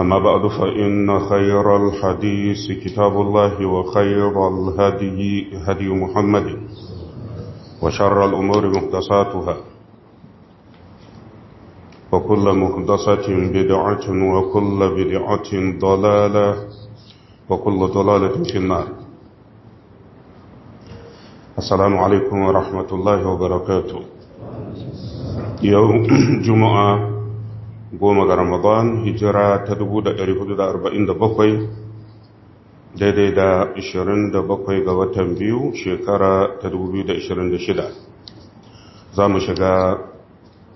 أما بعد فإن خير الحديث كتاب الله وخير الهدي هدي محمد وشر الأمور محدثاتها وكل محدثة بدعة وكل بدعة ضلالة وكل ضلالة في النار السلام عليكم ورحمة الله وبركاته يوم جمعة goma ga ramadan hijira ta 1447 daidai da 27 ga watan biyu shekara ta 2026 za mu shiga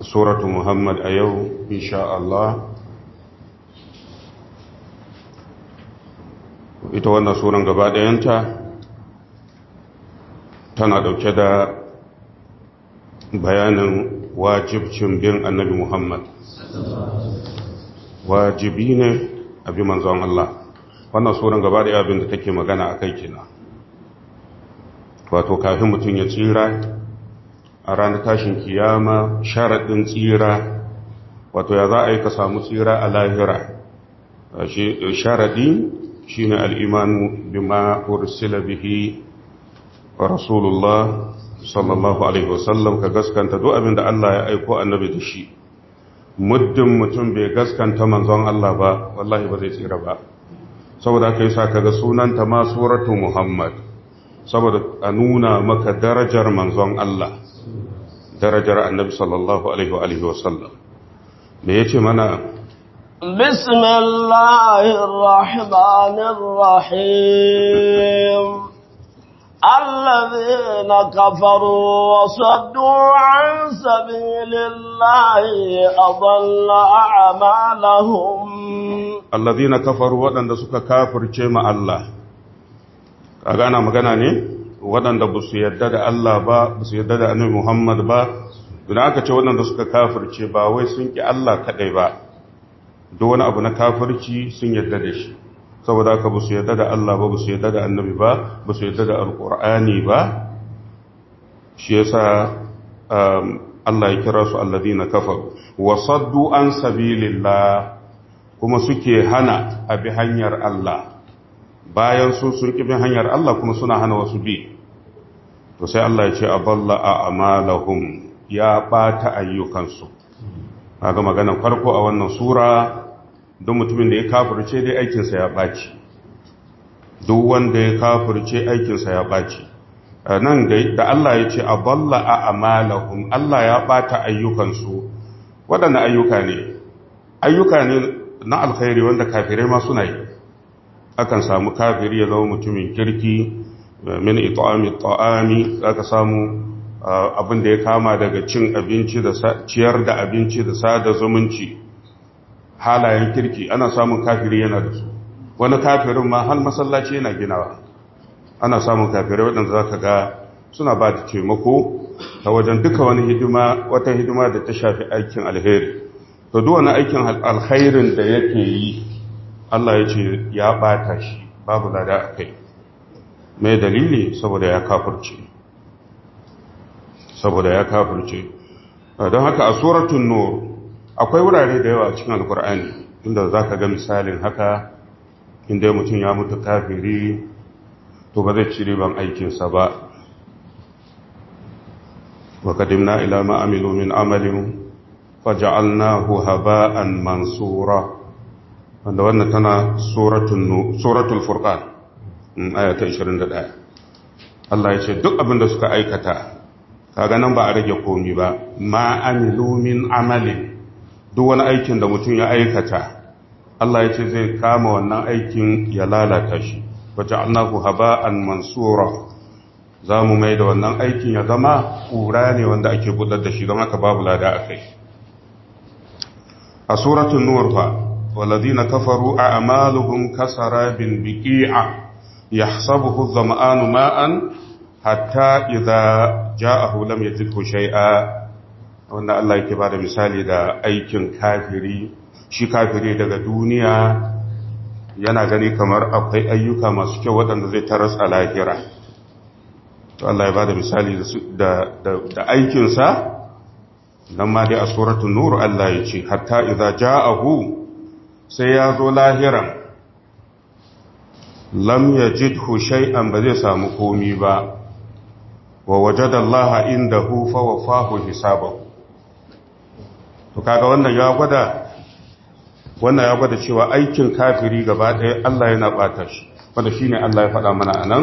suratu muhammad a yau insha Allah ita wannan suran gaba ɗayanta tana ɗauke da bayanin wajibcin bin annabi Muhammad wajibi ne a bi manzon Allah wannan suran gaba da abin da take magana a kai kina wato kafin mutum ya tsira a ranar tashin kiyama sharaɗin tsira wato ya za a yi ka samu tsira a lahira sharaɗi shi ne al'imanu bima ursila bihi rasulullah sallallahu alaihi wasallam ka gaskanta duk abin da Allah ya aiko annabi da shi muddin mutum bai gaskanta manzon Allah ba wallahi ba zai tsira ba saboda haka sa kaga sunanta ma suratu Muhammad saboda a nuna maka darajar manzon Allah darajar annabi sallallahu alaihi wa alihi wasallam me yace mana بسم الله الرحمن الرحيم الذين كفروا وصدوا عن سبيل الله أضل أعمالهم الذين كفروا ودن دسوك كافر جيم الله أغانا مغانا ني ودن دبس يدد الله با بس يدد أنه محمد با دون aka چه ودن دسوك كافر ba wai sun الله Allah دون أبنا كافر wani سن na kafirci saboda ka ba su yadda da Allah ba ba su yadda da annabi ba ba su yadda da alkur'ani ba shi yasa um, Allah ya kira su alladina kafa. wa saddu an sabilillah kuma suke hana bi hanyar Allah bayan sun sun kibin hanyar Allah kuma suna hana wasu bi to sai Allah ya ce a a a'malahum ya bata ayyukansu ga maganar farko a wannan sura don mutumin da ya kafirce dai aikinsa ya ɓaci duk wanda ya kafirce aikinsa ya ɓaci nan da Allah ya ce a balla a amalahun Allah ya ɓata ayyukansu waɗanda ayyuka ne ayyuka ne na alkhairi wanda kafirai ma suna yi akan samu kafiri ya zama mutumin kirki min ito'ami za aka samu abin da ya kama daga cin abinci da ciyar da abinci da sada zumunci halayen kirki ana samun kafiri yana da su wani kafirin ma har masallaci yana ginawa ana samun kafiri waɗanda za ka ga suna ba da taimako ta wajen duka wani hidima wata hidima da ta shafi aikin alheri to duk wani aikin alkhairin da yake yi Allah ya ce ya bata shi babu lada a kai mai dalili saboda ya kafurce saboda ya kafurce don haka a suratun nuru akwai wurare da yawa cikin alkur'ani inda za ka ga misalin haka inda mutum ya mutu kafiri to ba zai cire ban aikinsa ba wa kadimna ila ma'amilu min amalin faja'alnahu haba'an mansura wanda wannan tana suratul furqan mm, aya ta 21 Allah ya ce duk abin da suka aikata kaga nan ba a rage komi ba ma'amilu min amalin duk wani aikin da mutum ya aikata Allah ya ce zai kama wannan aikin ya lalata shi wajen annahu haba'an mansura za mu mai da wannan aikin ya zama ƙura ne wanda ake gudar da shi don haka babu lada a kai a suratun nuwar fa na kafaru a amaluhun kasara bin biki'a ya sabuhu zama'anu ma'an hatta idza ja'ahu lam yajidhu shay'a wanda Allah yake ba da misali da aikin kafiri shi kafiri daga duniya yana gani kamar akwai ayyuka masu kyau waɗanda zai taras a lahira to Allah ya ba da misali da aikinsa Nan ma dai a suratun nuru Allah ya ce hatta iza ja'ahu sai ya zo lahiran lam ya ba zai samu komi ba wa wajadallaha hufa wa wafahu hisabahu to kaga wannan ya gwada wannan ya gwada cewa aikin kafiri gaba ɗaya Allah yana ɓata shi wanda shine Allah ya faɗa mana anan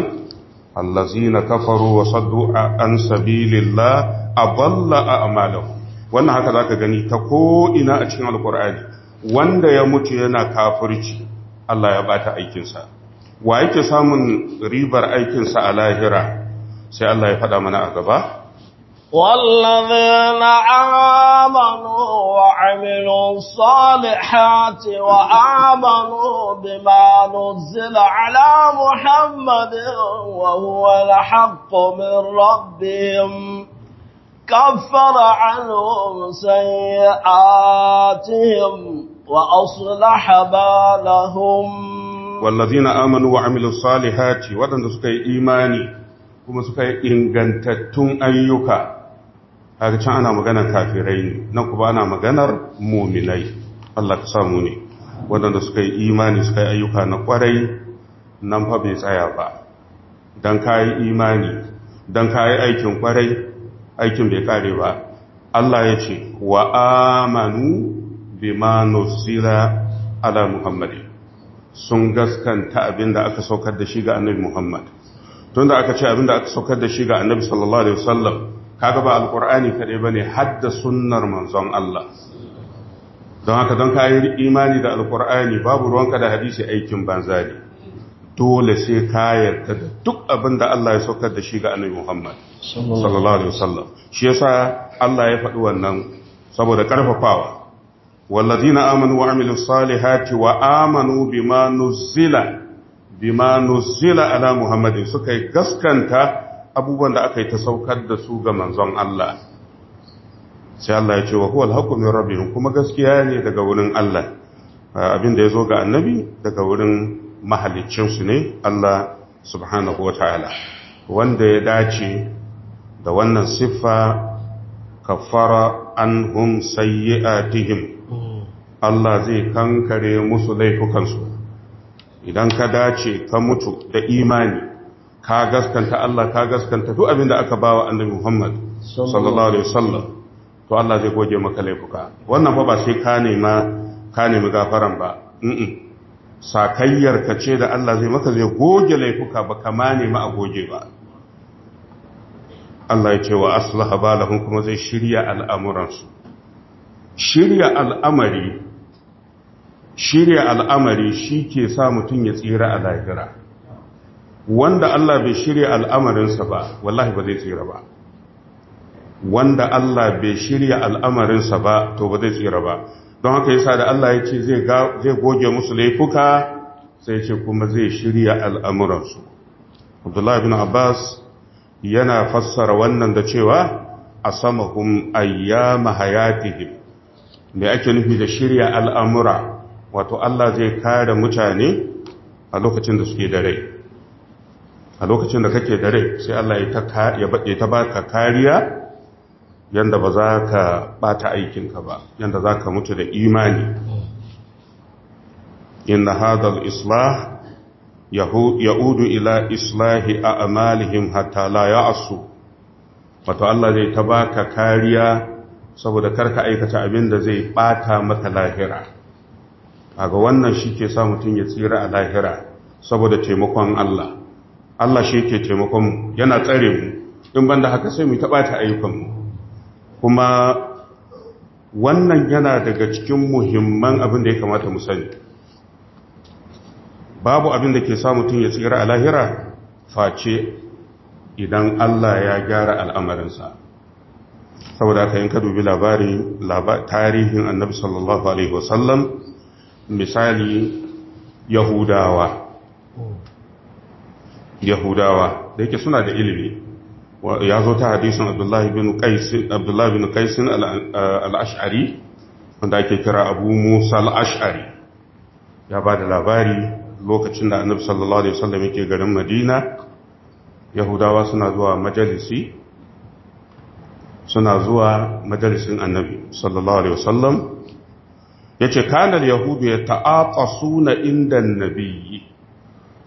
allazina kafaru wa saddu an sabilillah adalla a'malahum wannan haka zaka gani ta ko ina a cikin alqur'ani wanda ya mutu yana kafirci Allah ya bata aikin sa wa yake samun ribar aikin sa a lahira sai Allah ya faɗa mana a gaba والذين آمنوا وعملوا الصالحات وآمنوا بما نزل على محمد وهو الحق من ربهم كفر عنهم سيئاتهم وأصلح بالهم والذين آمنوا وعملوا الصالحات ودن سكي إيماني كما سكي جنتتم أيُّكَ kaga can ana maganar kafirai ne nan kuma ana maganar muminai Allah ka samu ne waɗanda suka yi imani suka yi ayyuka na ƙwarai nan fa bai tsaya ba don ka yi imani don ka yi aikin ƙwarai aikin bai kare ba Allah ya ce wa amanu bima nuzila ala muhammadi sun gaskanta abinda aka saukar da shi ga annabi muhammad tunda aka ce abinda aka saukar da shi ga annabi sallallahu alaihi wasallam kaga ba kaɗai kadai bane hadda sunnar manzon Allah don haka don kayi imani da alkur'ani babu ruwanka da hadisi aikin banza ne dole sai ka yarda da duk abin da Allah ya saukar da shi ga Annabi Muhammad sallallahu alaihi wasallam shi yasa Allah ya faɗi wannan saboda karfafawa والذين آمنوا wa amanu وآمنوا بما نزل بما ala على محمد سكاي gaskanta. abubuwan da aka yi ta saukar da su ga manzon Allah sai Allah ya ce wa huwal haqqu min rabbihim kuma gaskiya ne daga wurin Allah ah, abin da zo ga annabi daga wurin mahaliccin su ne Allah subhanahu wataala wanda ya dace da wannan siffa kafara anhum sayyi'atihim Allah zai kankare musu laifukansu idan ka dace ka mutu da imani ka gaskanta Allah ka gaskanta duk abin da aka bawa annabi Muhammad sallallahu alaihi wasallam to Allah zai goge maka laifuka wannan fa ba sai ka nema ka nemi gafaran ba sakayyar ka ce da Allah zai maka zai goge laifuka ba kama nemi a goge ba Allah ya ce wa aslaha balahum kuma zai shirya al'amuransu shirya al'amari shirya al'amari shi sa mutum ya tsira a lahira wanda Allah bai shirya al'amarinsa ba wallahi ba zai tsira ba wanda Allah bai shirya al'amarinsa ba to ba zai tsira ba don haka yasa da Allah ya ce zai goge musu laifuka sai ce kuma zai shirya al'amuransu abdullahi bin abbas yana fassara wannan da cewa a samahun ayyama hayatihim ake nufi da shirya al'amura wato Allah zai kare mutane a lokacin da suke da rai a lokacin da kake da rai sai Allah ya ta baka kariya yanda ba za ka bata aikinka ba yanda za ka mutu da imani inna hadal islah udu ila islahi a amalihim hatta la asu. wato Allah zai ta baka kariya saboda karka aikata abin da zai ɓata maka lahira kaga wannan shi ke sa mutum ya tsira a lahira saboda taimakon Allah Allah shi yake taimakon mu yana tsare mu in banda haka sai mu taɓa ta ayyukan mu kuma wannan yana daga cikin muhimman abin da ya kamata mu sani babu abin da ke sa mutum ya tsira a lahira face idan Allah ya gyara al'amarinsa saboda ka yin ka dubi labarin tarihin annabi sallallahu alaihi wasallam misali yahudawa yahudawa da yake suna da ilimi ya zo ta hadisin abdullahi bin kaisin eh, al'ash'ari wanda ake kira abu musa al'ash'ari ya ba da labari lokacin da annabi sallallahu alaihi wasallam yake garin madina yahudawa suna zuwa majalisi suna zuwa majalisin annabi sallallahu alaihi wasallam ya ce kanar yahudu ya ta'aƙa suna inda nabiyyi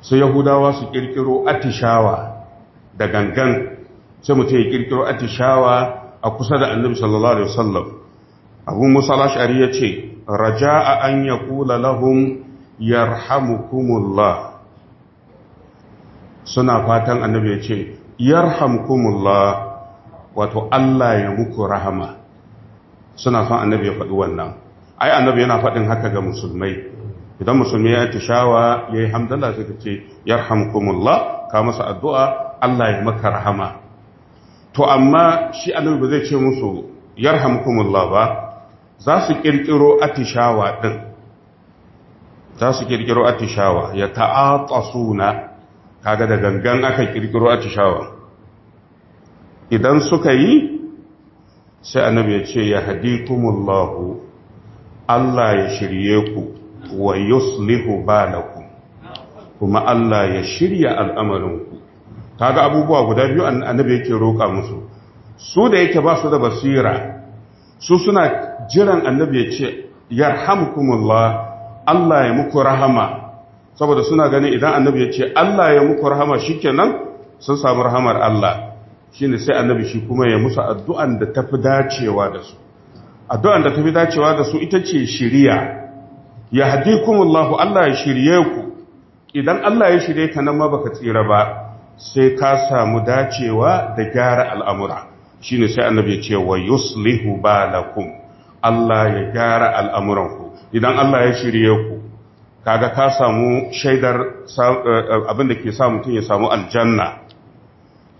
su yahudawa su kirkiro atishawa da gangan sai mutum ya kirkiro atishawa a kusa da annabi sallallahu alaihi wasallam abu musa al-ash'ari yace raja'a an yaqula lahum yarhamukumullah suna fatan annabi ya ce yarhamukumullah wato Allah ya muku rahama suna son annabi ya faɗi wannan ai annabi yana faɗin haka ga musulmai idan musulmi ya atishawa ya yi hamdala sai ka ce yarhamkumullah ka masa addu'a Allah ya maka rahama to amma shi annabi ba zai ce musu yarhamkumullah ba za su kirkiro atishawa din za su kirkiro atishawa ya ta'atasuna kaga da gangan aka kirkiro atishawa idan suka yi sai annabi ya ce ya hadikumullahu Allah ya shirye ku wa yuslihu balakum kuma Allah ya shirya al'amarinku kaga abubuwa guda biyu annabi yake roƙa musu su da yake ba su da basira su suna jiran annabi ya yarhamkumullah Allah ya muku rahama saboda suna gani idan annabi yace Allah ya muku rahama shikenan sun samu rahamar Allah shine sai annabi shi kuma ya musu addu'an da tafi dacewa da su addu'an da tafi dacewa da su ita ce shiriya yahdikumullahu Allah ya shirye ku idan Allah ya shirye ka nan ma baka tsira ba sai ka samu dacewa da gyara al'amura Shi ne sai annabi ce wa yuslihu ba balakum Allah ya gyara al'amuranku idan Allah ya shirye ku kaga ka samu shaidar eh, eh, abin da ke sa mutum ya samu aljanna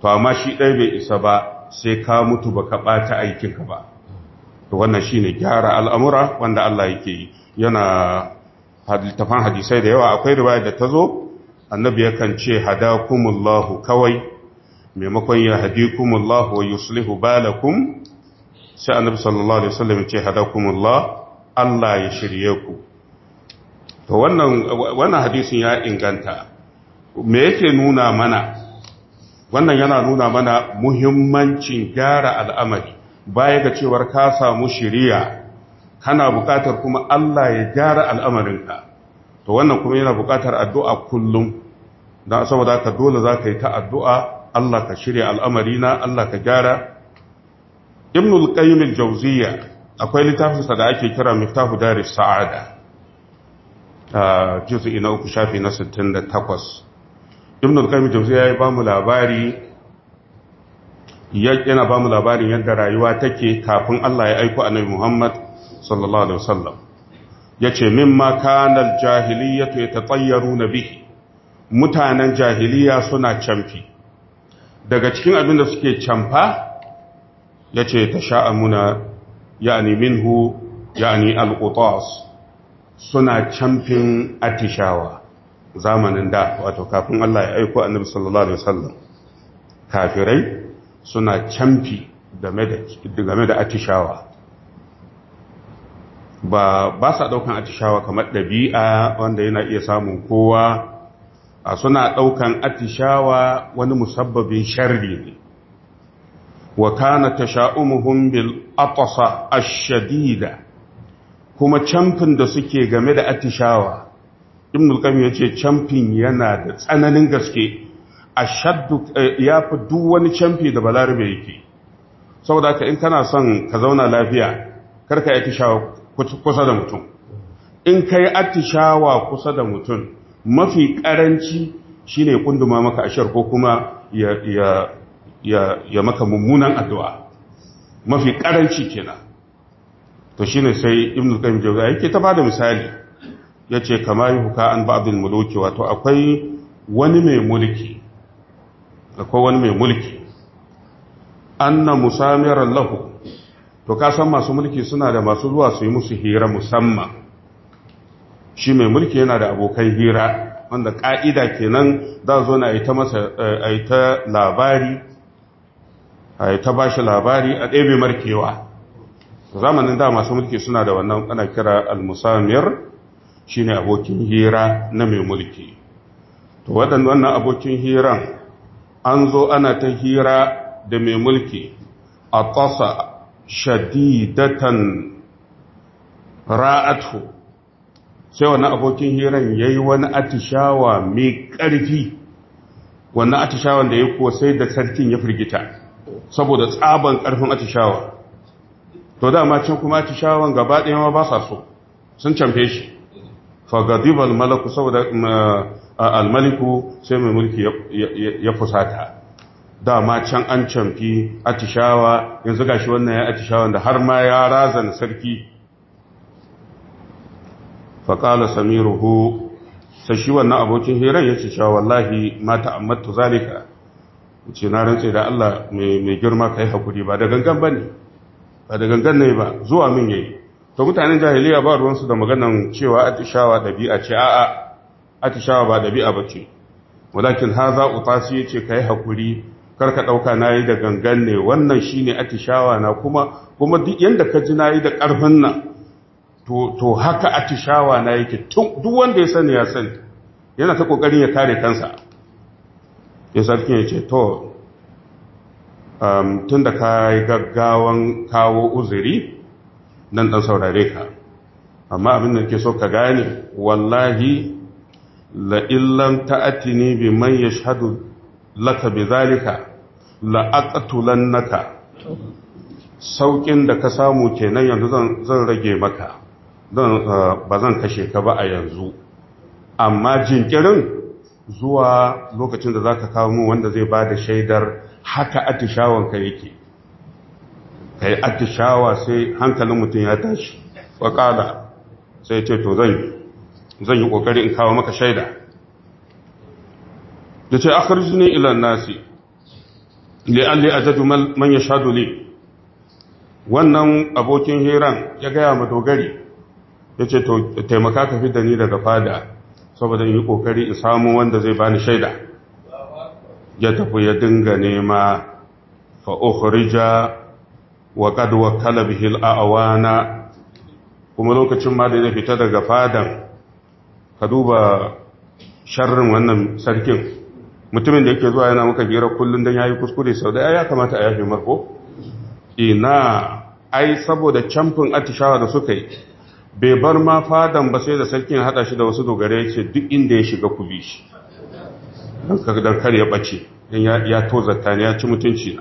to amma shi ɗaya bai isa ba sai ka mutu ba ka ɓata aikinka ba to wannan shi ne gyara al'amura wanda Allah yake yi yana littafan hadisai da yawa akwai riwaya da ta zo annabi yakan ce hadakumullahu kawai maimakon ya hadikumullahu wa yuslihu balakum sai annabi sallallahu alaihi wasallam ya ce hadakumullah Allah ya shirye ku to wannan wannan hadisin ya inganta me yake nuna mana wannan yana nuna mana muhimmancin gyara al'amari baya ga cewar ka samu shiriya kana buƙatar kuma Allah ya gyara al'amarinka to wannan kuma yana buƙatar addu'a kullum don saboda ka dole za ka yi ta addu'a Allah ka shirya al'amarina Allah ka gyara ibnul qayyimul Jauziya akwai littafinsa da ake kira miftahu daris sa'ada juz'i ina uku shafi na 68 ibnul qayyimul jawziya ya ba mu labari yana ba mu labarin yadda rayuwa take kafin Allah ya aiko annabi Muhammad sallallahu alaihi wasallam yace mimma kana aljahiliyatu yatatayyaruna bihi mutanen jahiliya suna camfi daga cikin abin da suke camfa ya ce yace tasha'amuna yani minhu yani alqutas suna camfin atishawa zamanin da wato kafin Allah ya aiko annabi sallallahu alaihi wasallam kafirai suna camfi game da atishawa ba ba sa daukan atishawa kamar dabi'a wanda yana iya samun kowa a suna daukan atishawa wani musabbabin sharri ne wa kana tasha'umuhum bil atsa ash-shadida kuma camfin da suke game da atishawa ibn al-qayyim yace camfin yana da tsananin gaske ashaddu eh, yafi duk wani camfi da balarabe yake saboda ka in kana son ka zauna lafiya karka yi atishawa kusa da mutum in ka yi atishawa kusa da mutum mafi karanci shine kunduma maka ashar ko kuma ya maka mummunan addu'a mafi karanci kenan to ne sai al qayyim jawza yake ta bada misali yace yi huka an ba'dul mulki wato akwai wani mai mulki akwai wani mai mulki anna musamiran lahu to ka san masu mulki suna da masu zuwa su yi musu hira musamman shi mai mulki yana da abokan hira wanda ka'ida kenan za zo na aita masa eh, aita labari aita bashi labari a ɗebe markewa zamanin da masu mulki suna da wannan ana kira al-musamir ne abokin hira na mai mulki to waɗannan abokin hiran an zo ana ta hira da mai mulki a tasa shadidatan ra'atu sai wani abokin hiran yayi yi wani atishawa mai ƙarfi wannan atishawan da ya ko sai da sarkin ya firgita saboda tsaban ƙarfin atishawa to dama can kuma atishawan gaba ɗaya ma ba sa so sun camfe shi fagadibal malaku saboda al almaliku sai mai mulki ya fusata dama can an canfi atishawa yanzu gashi wannan ya atishawa, da har ma ya razana sarki faƙala samiruhu sai shi wannan abokin hirar ya ce sha wallahi ma ta'ammatu zalika ce na rantse da Allah mai girma kai hakuri ba da gangan bane ba da gangan ne ba zuwa min yayi to mutanen jahiliya ba ruwansu da maganan cewa atishawa dabi'a ce a'a atishawa ba dabi'a bace walakin haza utasi yace kai hakuri karka ɗauka na yi da gangan ne wannan shi ne atishawa na kuma kuma duk yadda ka ji na yi da ƙarfin nan to haka atishawa na yake duk wanda ya sani ya sani yana ta ƙoƙarin ya kare kansa ya sarkin ya ce to um, tun da ka yi gaggawan kawo uzuri nan ɗan saurare ka amma abin da ke so ka gane wallahi la'illan ta'atini bi man yashhadu laka bi zalika la'aqtulannaka saukin da ka samu kenan yanzu zan rage maka eh, ba zan kashe ka ba a yanzu amma jinkirin zuwa lokacin da zaka kawo mu wanda zai ba da shaidar haka atishawan ka yake kai atishawa sai hankalin mutum ya tashi kala sai ce to zan yi kokari in kawo maka shaida da ce akhrijni ila nasi li'alli ajadu man yashhadu li wannan abokin hiran ya gaya ma dogari ya ce taimaka ka fi da ni daga fada saboda yi kokari in samu wanda zai bani shaida ya tafi ya dinga nema fa ukhrija wa qad wakala bihi al-awana kuma lokacin ma da ya fita daga fadan ka duba sharrin wannan sarkin mutumin da yake zuwa yana maka hira kullum don ya yi kuskure sau da ya kamata a yafe marko ina ai saboda camfin atishawa da suka yi bai bar ma fadan ba sai da sarkin haɗa shi da wasu dogare ce duk inda ya shiga ku bi shi don kar ya bace don ya tozarta ne ya ci mutunci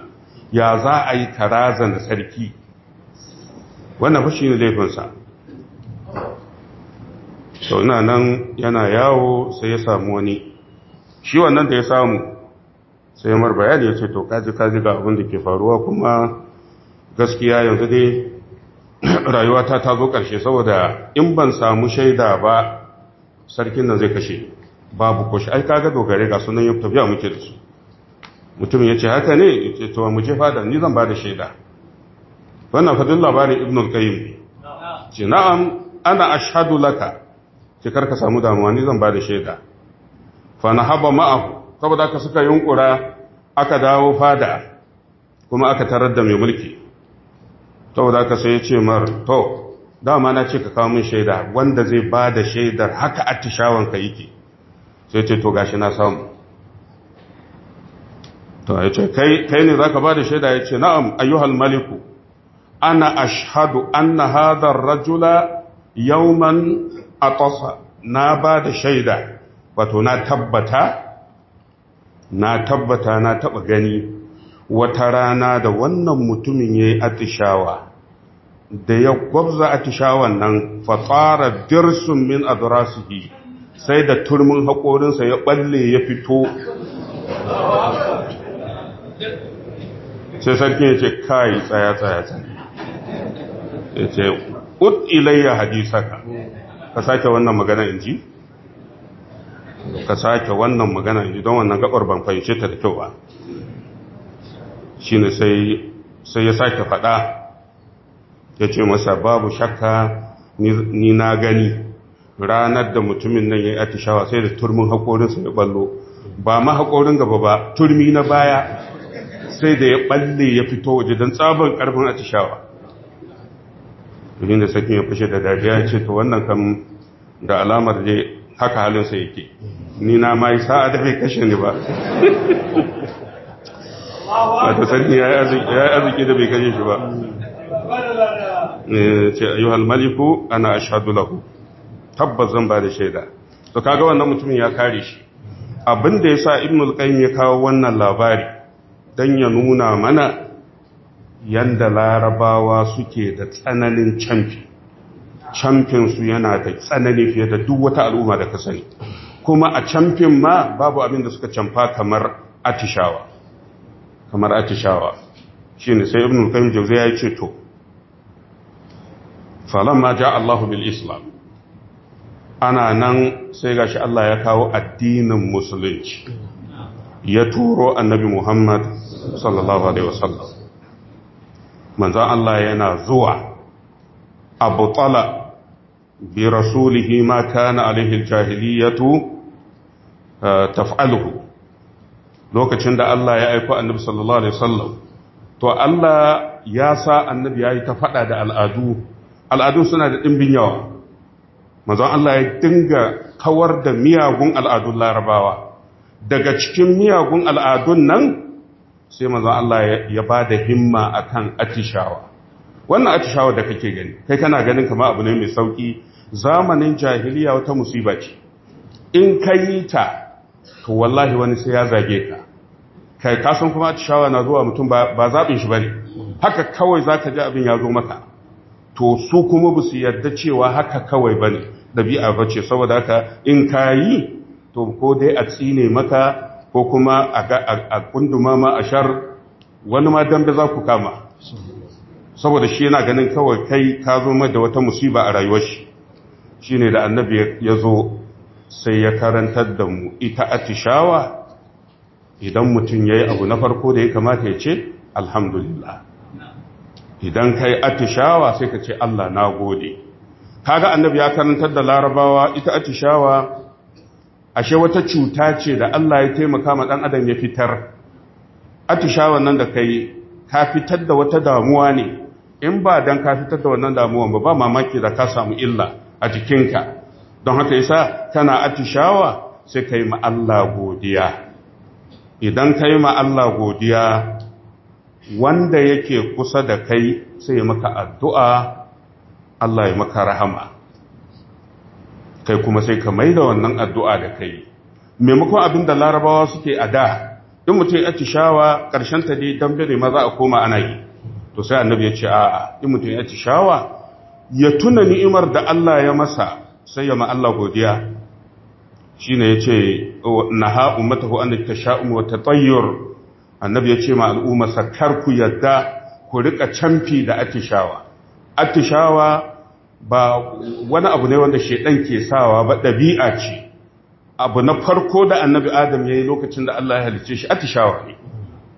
ya za a yi tarazan da sarki wannan fashi ne laifinsa sau nan yana yawo sai ya samu wani shi wannan da ya samu sai mar bayani ya ce to kaji kaji ga abin da ke faruwa kuma gaskiya yanzu dai rayuwata ta zo ƙarshe saboda in ban samu shaida ba sarkin nan zai kashe babu kwashe ai kaga dogare ga sunan yau tafiya muke da su mutum ya ce haka ne ya ce to mu je fada ni zan ba da shaida wannan fadin labarin ibn al-qayyim ce na'am ana ashadu laka ce ka samu damuwa ni zan ba da shaida fa haba ma'ahu saboda haka suka yunkura aka dawo fada kuma aka tarar da mai mulki saboda haka sai ya ce mar to dama na ce ka kawo min shaida wanda zai ba da shaidar haka attishawan ka yake sai ce to gashi na samu to ya ce kai ne zaka ba da shaida ya ce na'am ayyuhal maliku ana ashhadu an na hadar rajula yawman atasa na ba da shaida wato na tabbata na tabbata na taba gani wata rana da wannan mutumin ya yi atishawa da ya gwabza atishawan nan fa tsara dirsun min adrasihi sai da turmin haƙorinsa ya balle ya fito sai sarki ya ce kai tsaya tsaya tsaya ya ce ut ilayya hadisaka ka sake wannan magana in ji ka sake wannan magana idan don wannan gabar ban fahimce ta da kyau ba shine sai sai ya sake faɗa ya ce masa babu shakka ni na gani ranar da mutumin nan ya yi atishawa sai da turmin haƙorinsa ya ballo ba ma haƙorin gaba ba turmi na baya sai da ya balle ya fito waje don tsabon ƙarfin atishawa turin da sakin ya fashe da dariya ce ta wannan kan da alamar da haka halinsa yake ni na ma sa'a da bai kashe ni ba wata sani ya yi arziki da bai kashe shi ba eh, ce ayyuhal halmaliku ana ashadu lahu tabbas zan ba da shaida to kaga wannan mutumin ya kare shi abin da ya sa ibnul qayyim ya kawo wannan labari don ya nuna mana yadda larabawa suke da tsananin canfi camfinsu yana da tsanani fiye da duk wata al'umma da ka sani kuma a camfin ma babu abin da suka camfa kamar atishawa kamar atishawa shine sai ibnu qayyim ya ce to falamma ja Allahu bil islam ana nan sai gashi Allah ya kawo addinin musulunci ya turo annabi Muhammad sallallahu alaihi wasallam manzon Allah yana zuwa abu tsala Bi برسوله mata, na عليه الجاهلية تفعله lokacin da Allah ya aiko annabi sallallahu alaihi wasallam to Allah ya sa annabi ya yi ta faɗa da al'adu al'adun suna da ɗimbin yawa manzon Allah ya dinga kawar da miyagun al'adun larabawa daga cikin miyagun al'adun nan sai manzon Allah ya ba da himma akan atishawa wannan atishawa da kake gani kai kana ganin kamar abu ne mai sauƙi. zamanin jahiliya wata musiba ce in ka yi ta to wallahi wani sai ya zage ka kai kasan kuma atishawa na zuwa mutum ba zaɓin shi ba ne haka kawai za ka ji abin ya zo maka to su kuma ba su yarda cewa haka kawai ba ne ɗabi'a ba ce saboda haka in ka yi to ko dai a tsine maka ko kuma a kunduma ma a shar wani ma dambe za ku kama saboda shi yana ganin kawai kai ka zo mai da wata musiba a rayuwar shi Shi ne da annabi ya zo sai ya karantar da mu ita atishawa idan mutum ya yi abu na farko da ya kamata ya ce alhamdulillah idan ka yi atishawa sai ka ce Allah na gode kaga annabi ya karantar da larabawa ita atishawa ashe wata cuta ce da Allah ya taimaka ma ɗan adam ya fitar Atishawa nan da kai ka fitar da wata damuwa ne in ba dan ka fitar da wannan damuwan ba ba mamaki da ka samu illa a jikinka don haka yasa kana atishawa sai kai ma Allah godiya idan kai ma Allah godiya wanda yake kusa da kai sai maka addu'a Allah ya maka rahama kai kuma sai ka mai da wannan addu'a da kai maimakon abin da larabawa suke a da in mutum ya atishawa ta dai dambe ne maza a koma ana yi to sai annabi ya ce a'a in mutum ya shawa ya tuna ni'imar da Allah ya masa sai ya ma Allah godiya shine yace oh, naha ummatahu an sha’un wata tsayyar annabi ya ce ma al'umma sakar ku yadda ku rika canfi da atishawa atishawa ba wani abu ne wanda shedan ke sawa ba ɗabi'a ce abu na farko da annabi adam yi lokacin da Allah ya halice shi atishawa ne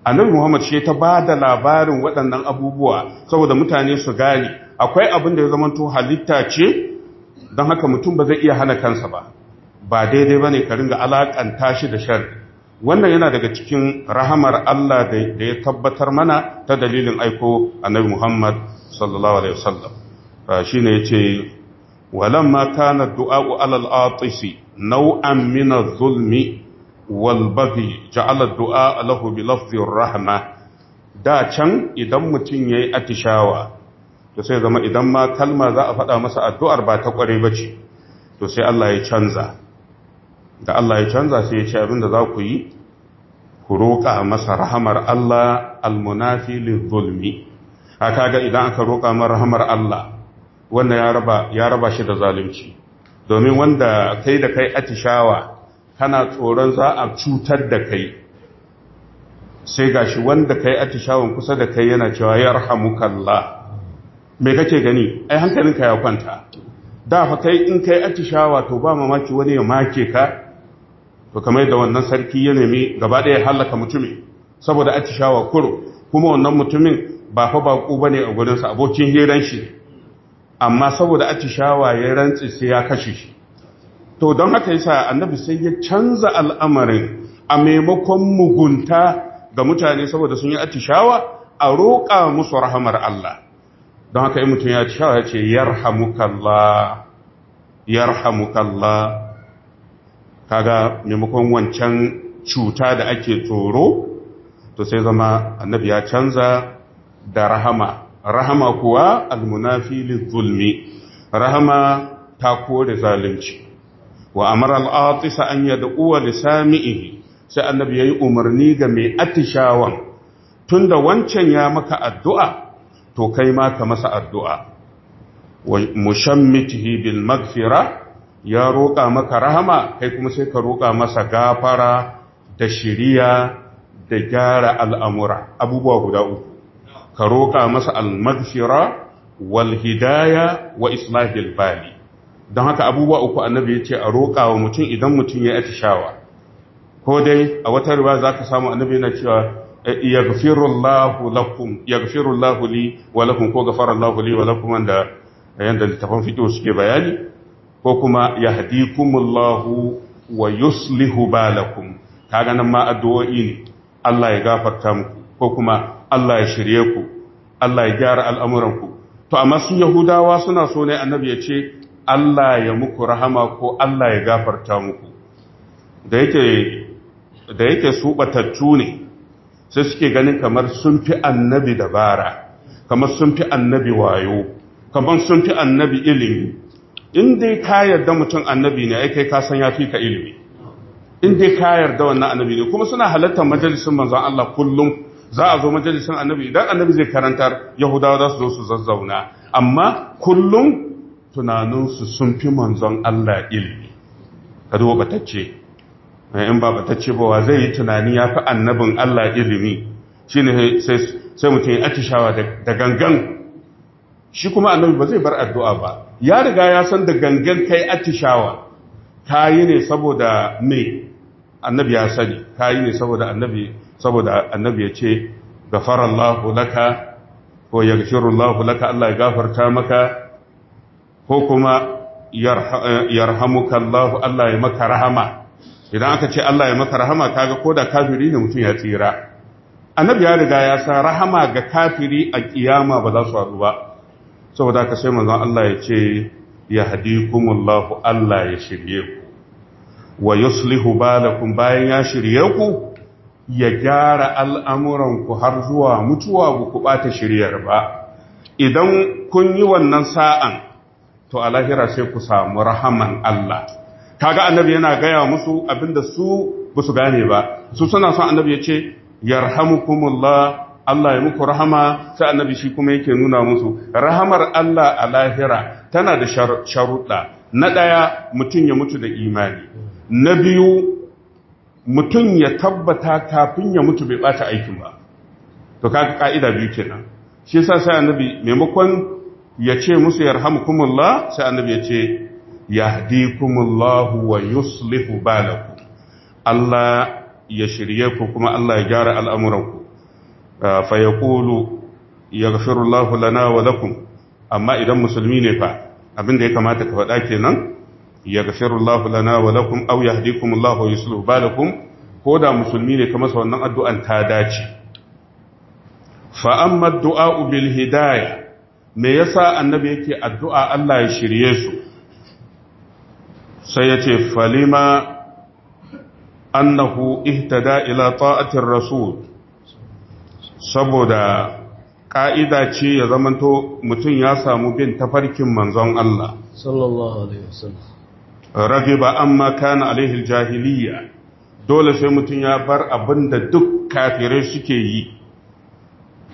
annabi Muhammad shi ta ba da labarin waɗannan abubuwa saboda mutane su gane akwai abin da ya zamanto halitta ce don haka mutum ba zai iya hana kansa ba ba daidai ba ne ka ga alakanta shi da shari wannan yana daga cikin rahamar Allah da ya tabbatar mana ta dalilin aiko annabi Muhammad sallallahu alaihi wasallam ah, shine yace walamma kana du'a'u alal atisi naw'an min az-zulmi wal baghi ja'ala dua lahu bi lafzi ar-rahma da can idan ya yayi atishawa to sai zama idan ma kalma za a faɗa masa addu'ar ba ta ƙware ba ce to sai Allah ya canza da Allah ya canza sai ya ce abin da za ku yi ku roƙa masa rahamar Allah almunafi lizulmi a kaga idan aka roƙa masa rahamar Allah wannan ya raba shi da zalunci domin wanda kai da kai atishawa kana tsoron za a cutar da kai sai gashi wanda kai atishawan kusa da kai yana cewa ya rahamukallah mai kake gani hankalin ka ya kwanta da fa kai in kai atishawa to ba mamaki wani ya make ka to kamar da wannan sarki ya nemi gaba ɗaya halaka mutumin saboda atishawa kuro kuma wannan mutumin ba fa baƙo ba ne a sa abokin hiran shi amma saboda atishawa ya rantsi sai ya kashe shi to don haka yasa annabi sai ya canza al'amarin a maimakon mugunta ga mutane saboda sun yi atishawa a roƙa musu rahamar Allah don haka yi mutum ya cewa ce yarhamukallah kaga maimakon wancan cuta da ake tsoro to sai zama annabi ya canza da rahama rahama kuwa almunafi lizulmi rahama ta kore zalunci wa amara al'atisa an sami lisami'ihi sai annabi ya yi umarni ga mai atishawan tunda wancan ya maka addu'a to kai ma ka masa addu'a wa mushammitihi bil magfira ya roƙa maka rahama kai kuma sai ka roƙa masa gafara da shiriya da gyara al'amura abubuwa guda uku ka roƙa masa al-magfira wal hidaya wa islahil bali don haka abubuwa uku annabi ya ce a roƙa wa mutum idan mutum ya atishawa ko dai a wata riba za ka samu annabi yana cewa Eh, yagfirullahu lakum yagfirullahu li wa lakum ko ghafarallahu li wa lakum wanda eh, yanda littafin fiqh suke bayani ko kuma yahdikumullahu wa yuslihu balakum kaga nan ma addu'o'i ne Allah ya gafarta muku ko kuma Allah ya shirye ku Allah ya gyara al'amuran ku to amma su yahudawa suna so ne annabi ya ce Allah ya muku rahama ko Allah ya gafarta muku da yake da yake su batattu ne sai suke ganin kamar sun fi annabi dabara kamar sun fi annabi wayo kamar sun fi annabi ilimi in dai ka yarda mutum annabi ne ai kai ka san ya fi ka ilimi in dai ka yarda wannan annabi ne kuma suna halartar majalisun manzon Allah kullum za a zo majalisun annabi idan annabi zai karantar yahudawa za su zo su zazzauna amma kullum tunaninsu sun fi manzon Allah ilimi ka duba batacce Eh, in ba ta ce bawa zai yi tunani ya fi annabin Allah ilimi shi ne sai mutum ya atishawa da gangan shi kuma annabi ba zai bar addu'a ba ya riga ya san da gangan yi atishawa ta yi ne saboda mai annabi ya sani ta yi ne saboda annabi saboda annabi ya ce gafarallahu laka ko ya gafirullahu laka Allah ya gafarta maka ko kuma yarhamukallahu Allah ya maka rahama idan aka ce Allah ya maka rahama kaga koda kafiri ne mutum ya tsira annabi ya riga ya sa rahama ga kafiri a kiyama ba za su haɗu ba saboda ka sai manzon Allah ya ce ya hadikumullahu Allah ya shirye ku wa yuslihu balakum bayan ya shirye ku ya gyara al'amuran ku har zuwa mutuwa ku, ku ɓata shiryar ba idan kun yi wannan sa'an to a lahira sai ku samu rahaman Allah kaga annabi yana gaya musu abinda su basu gane ba su suna son annabi ya ce yarhamukumullah Allah ya muku rahama sai annabi shi kuma yake nuna musu rahamar Allah a lahira tana da sharuɗa na ɗaya mutum ya mutu da imani na biyu mutum ya tabbata kafin ya mutu bai ɓata aikin ba to kaga ka'ida biyu kenan shi yasa sai annabi maimakon ya ce musu yarhamukumullah sai annabi ya ce yahdikumullahu wa yuslihu balakum Allah ya shirye ku kuma Allah ya gyara al'amuranku ah, fa yaqulu yaghfirullahu lana wa amma idan musulmi ne fa abinda ya kamata ka faɗa kenan yaghfirullahu lana wa lakum aw yahdikumullahu wa yuslihu balakum ko da musulmi ne ka masa wannan addu'an ta dace fa amma du'a me yasa annabi yake addu'a Allah ya shirye su sai ya ce falima annahu ihtada ila ta'atir rasul saboda ka'ida ce ya zamanto mutum ya samu bin tafarkin manzon Allah sallallahu alaihi wasallam ragiba amma kana alaihi jahiliya dole sai mutum ya bar abinda duk kafirai suke yi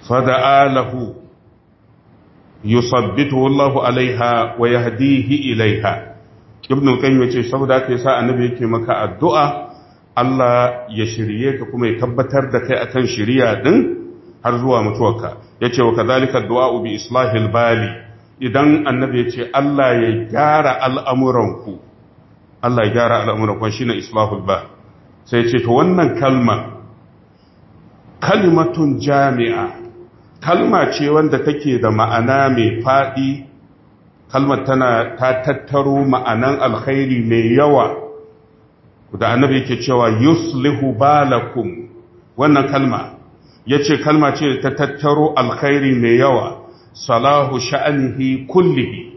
fada'alahu lahu yusabbitu Allahu alaiha wa yahdihi ilaiha ibn al-qayyim yace saboda kai sa annabi yake maka addu'a Allah ya shirye ka kuma ya tabbatar da kai akan shiriya din har zuwa mutuwarka yace wa kadhalika du'a bi islahil bali idan annabi yace Allah ya gyara al'amuranku Allah ya gyara al'amuranku shine islahul ba sai yace to wannan kalma kalimatun jami'a kalma ce wanda take da ma'ana mai fadi kalmar tana ta tattaro ma'anan alkhairi mai yawa da annabi yake cewa yuslihu balakum wannan kalma yace kalma ce ta tattaro alkhairi mai yawa salahu sha'anihi kullihi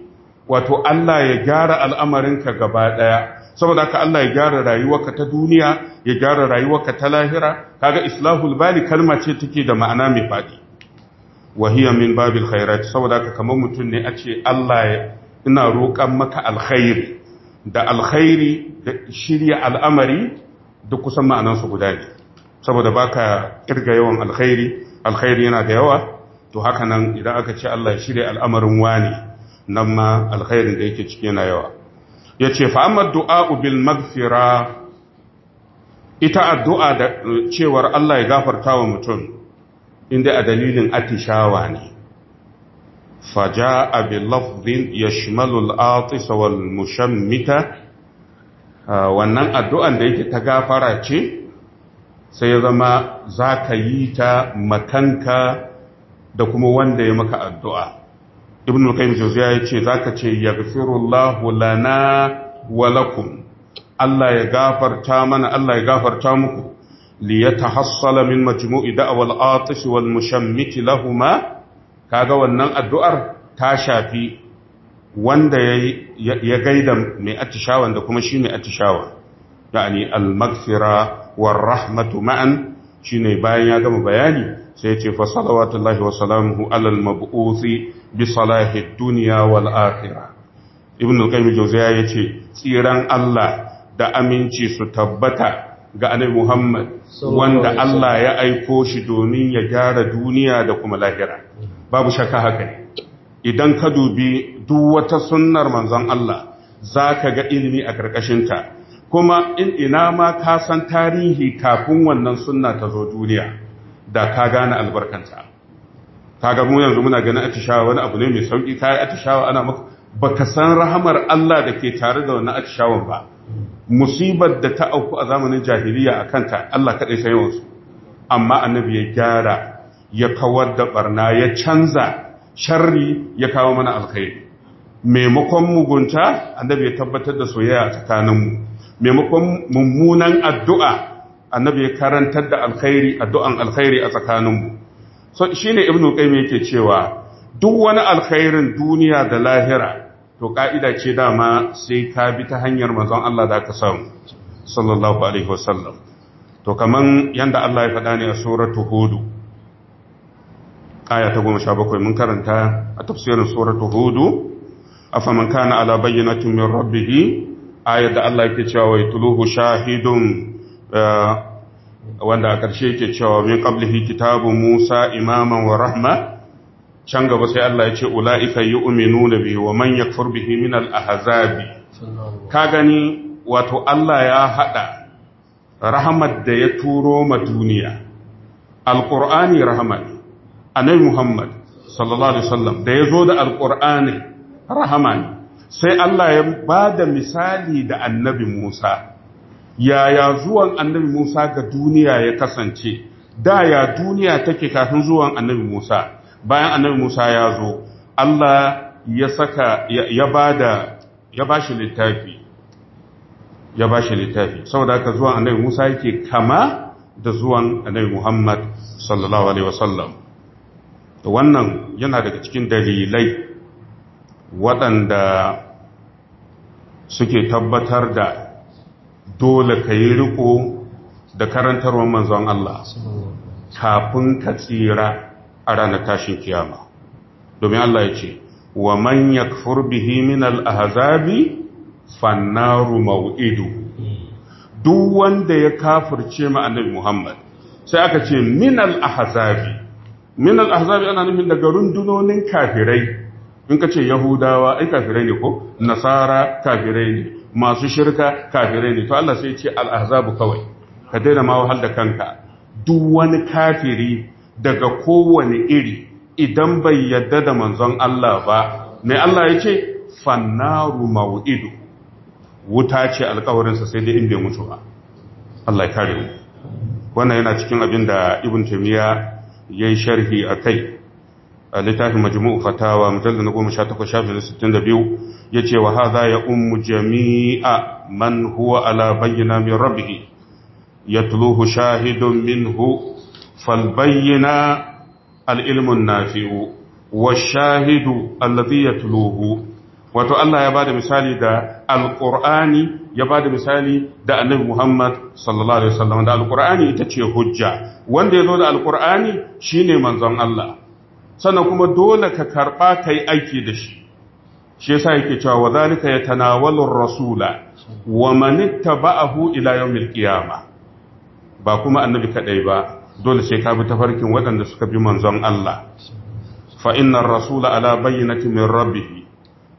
wato Allah ya gyara al'amarinka gaba daya saboda haka Allah ya gyara rayuwarka ta duniya ya gyara rayuwarka ta lahira kaga islahul bali kalma ce take da ma'ana mai fadi wahiya min babil khairat saboda ka kamar mutum ne ace ce Allah ina roƙan maka alkhair da alkhair da shirya al'amari duk kusan ma'anansu guda ne saboda baka kirga yawan alkhair alkhairi yana da yawa to haka nan idan aka ce Allah ya shirya al'amarin wani nan ma alkhairin da yake ciki yana yawa yace ce amma du'a bil magfira ita addu'a da cewar Allah ya gafarta wa mutum inda a dalilin atishawa ne faja abin lafzin ya shimalul atisa wal mushammita ah, wannan addu'an da yake ta gafara ce sai ya zama za ka yi ta makanka da kuma wanda ya maka addu'a ibn al-qaim ya ce za ka ce ya lana walakum Allah ya gafarta mana Allah ya gafarta muku liyatahassala min majmu'i da'wal atish wal mushammit lahumā kaga wannan addu'ar ta shafi wanda ya gaida mai atishawa da kuma shi mai atishawa yani al-maghfira war rahmatu ma'an shine bayan ya gama bayani sai ya ce fa salawatullahi wa salamuhu alal mab'uthi bi salahi dunya wal akhirah ibn al-qayyim jawziya yace tsiran Allah da aminci su tabbata ga annabi Muhammad wanda Allah ya aiko shi domin ya gyara duniya da kuma lahira babu shakka haka ne idan ka dubi duk wata sunnar manzon Allah zaka ga ilimi a karkashin ta kuma in ina ma ka san tarihi kafin wannan sunna ta zo duniya da ka gane albarkanta kaga mu yanzu muna ganin atishawa wani abu ne mai sauki kai atishawa ana maka baka san rahamar Allah da ke tare da wannan atishawan ba musibar da ta auku a zamanin jahiliya a kanta Allah kaɗai sai yawansu amma annabi ya gyara ya kawar da barna ya canza sharri ya kawo mana alkhairi maimakon mugunta annabi ya tabbatar da soyayya a tsakaninmu maimakon mummunan addu'a annabi ya karantar da alkhairi addu'an alkhairi a tsakaninmu so shine ibnu qayyim yake cewa duk wani alkhairin duniya da lahira to ka'ida ce dama sai ka bi ta hanyar manzon Allah da ka samu sallallahu alaihi wasallam to kaman yanda Allah ya faɗa ne a suratu hudu. aya ta 17 mun karanta a tafsirin suratu hud afaman kana ala bayyinatin min rabbih a da Allah yake cewa tuluhu shahidun eh, wanda a ƙarshe yake cewa min qablihi kitabu Musa imaman wa rahma can gaba sai Allah ya ce ula'ika da bihi wa man yakfur min al-ahzabi ka gani wato Allah ya haɗa rahmat da ya turo ma duniya alqur'ani rahmat annabi Muhammad sallallahu alaihi wasallam da yazo da rahama ne, sai Allah ya ba da misali da annabi Musa yaya zuwan annabi Musa ga duniya ya kasance da ya duniya take kafin zuwan annabi Musa bayan annabi Musa ya zo Allah ya saka ya bada ya bashi littafi ya bashi littafi saboda haka zuwan annabi Musa yake kama da zuwan annabi Muhammad sallallahu alaihi wasallam to wannan yana daga cikin dalilai waɗanda suke tabbatar da dole ka yi riko da karantarwar manzon Allah kafin ka tsira a ranar tashin kiyama domin Allah ya ce wa man yakfur bihi min al-ahzabi fannaru maw'idu duk wanda ya kafirce ma annabi Muhammad sai aka ce min al-ahzabi min al-ahzabi ana nufin daga rundunonin kafirai in ka ce yahudawa ai kafirai ne ko nasara kafirai ne masu shirka kafirai ne to Allah sai ce al-ahzabu kawai ka daina ma wahal da kanka duk wani kafiri daga kowane iri idan bai yadda da manzon Allah ba mai Allah ya ce fannaru mau'idu wuta ce alkawarinsa sai dai in bai mutu ba Allah ya kare mu wannan yana cikin abin da ibn Tamiya ya yi sharhi a kai, a littafin majmu'u fatawa da na 18 shafin ya yace wa haza ya ummu jami'a man huwa ala bayyana min ya yatluhu shahidun minhu فالبينة العلم النافع والشاهد الذي يتلوه wato Allah ya bada misali da alqur'ani ya bada misali da annabi Muhammad sallallahu alaihi wasallam da alqur'ani ita ce hujja wanda ya zo da shi shine manzon Allah sannan kuma dole ka karɓa ka yi aiki da shi shi yasa yake cewa wa zalika yatanawalu ar-rasula wa man ittaba'ahu ila yawmil qiyamah ba kuma annabi kaɗai ba dole sai ka bi tafarkin waɗanda suka bi manzon Allah fa innar rasula ala bayyinati min rabbih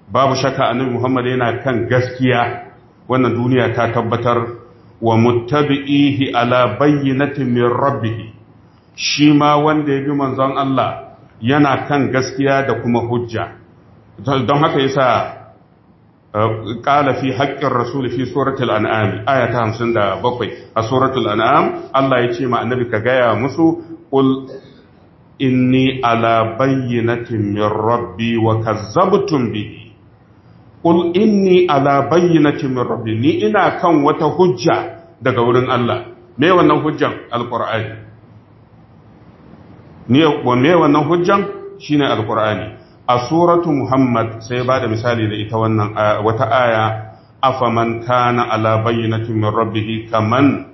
babu shakka annabi Muhammad yana kan gaskiya wannan duniya ta tabbatar wa muttabi'ihi ala bayyinati min rabbih shi ma wanda ya bi manzon Allah yana kan gaskiya da kuma hujja don haka yasa قال في حق الرسول في سورة الأنعام آية همسن دا بقوي سورة الأنعام الله يتيما النبي كغايا مسو قل إني على بينة من ربي وكذبتم به قل إني على بينة من ربي ني إنا كان وتهجة daga wurin Allah me wannan hujjan alqur'ani ne me wannan hujjan shine alqur'ani a suratu muhammad sai ba da misali da ita wannan wata aya afaman kana ala bayyinatin min rabbih kaman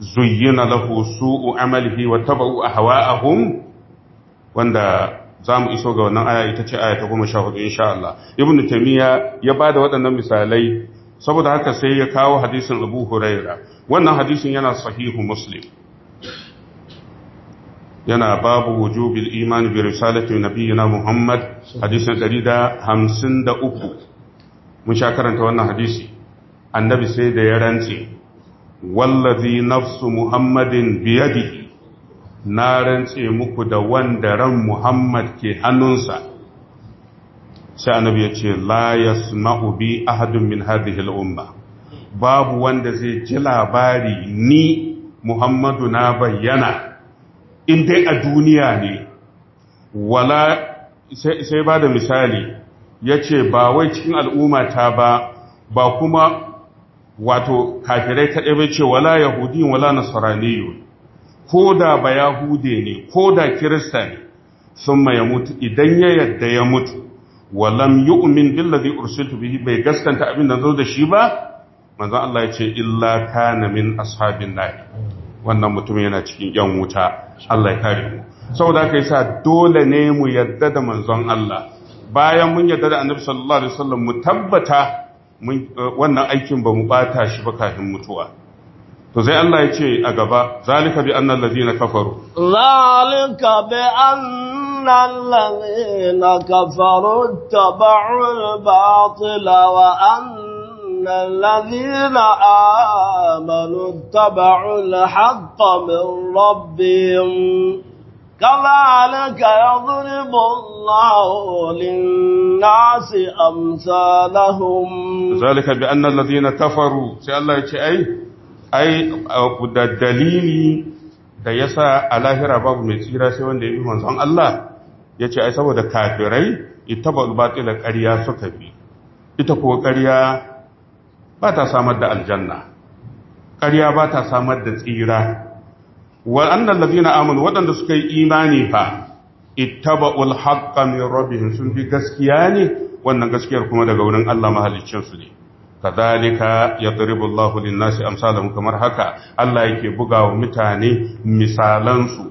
zuyyina lahu su'u amalihi wa tabu ahwa'ahum wanda mu iso ga wannan aya ita ce aya ta 14 insha Allah ibnu tamiya ya bada waɗannan misalai saboda haka sai ya kawo hadisin abu huraira wannan hadisin yana sahihu muslim yana babu wujubil iman bi risalati nabiyina Muhammad hadisin 153 mun sha karanta wannan hadisi annabi sai da ya rantse wallazi nafsu Muhammadin bi yadihi na rantse muku da wanda ran Muhammad ke hannunsa sai annabi ya ce la yasma'u bi ahadun min hadhihi al-umma babu wanda zai ji labari ni Muhammadu na bayyana in dai a duniya ne wala sai ba da misali ya ce ba wai cikin al'ummata ba ba kuma wato kafirai ta ɗaya ce wala yahudi wala nasaraniyu ko da ba yahude ne ko da kirista ne sun ya mutu idan ya yadda ya mutu walam yu'min zai ursiltu bihi bai gaskanta abin da zo da shi ba manzon Allah ya ce illa kana min ashabin nar wannan mutum yana cikin yan wuta Allah ya kare mu saboda haka yasa dole ne mu yadda da manzon Allah bayan mun yadda da annabi sallallahu alaihi wasallam mu tabbata wannan aikin ba mu bata shi ba kafin mutuwa to sai Allah ya ce a gaba zalika bi annal ladina kafaru zalika bi annal ladina kafaru tabu'ul batila wa anna إن الذين آمنوا اتبعوا الحق من ربهم كذلك يضرب الله للناس أمثالهم ذلك بأن الذين كفروا سأل الله أي أي الدليل da ya sa a lahira babu mai tsira sai wanda ya bi manzon Allah ya ce ai saboda kafirai ita ba batila ƙarya suka bi ita kuwa ƙarya ba ta samar da aljanna ƙarya ba ta samar da tsira wa'annan lazina amanu waɗanda suka yi imani fa ittaba'ul haqqa min rabin sun fi gaskiya ne wannan gaskiyar kuma daga wurin Allah mahaliccin su ne kadhalika yadribu Allahu lin-nasi amsalan kamar haka Allah yake buga wa mutane misalansu.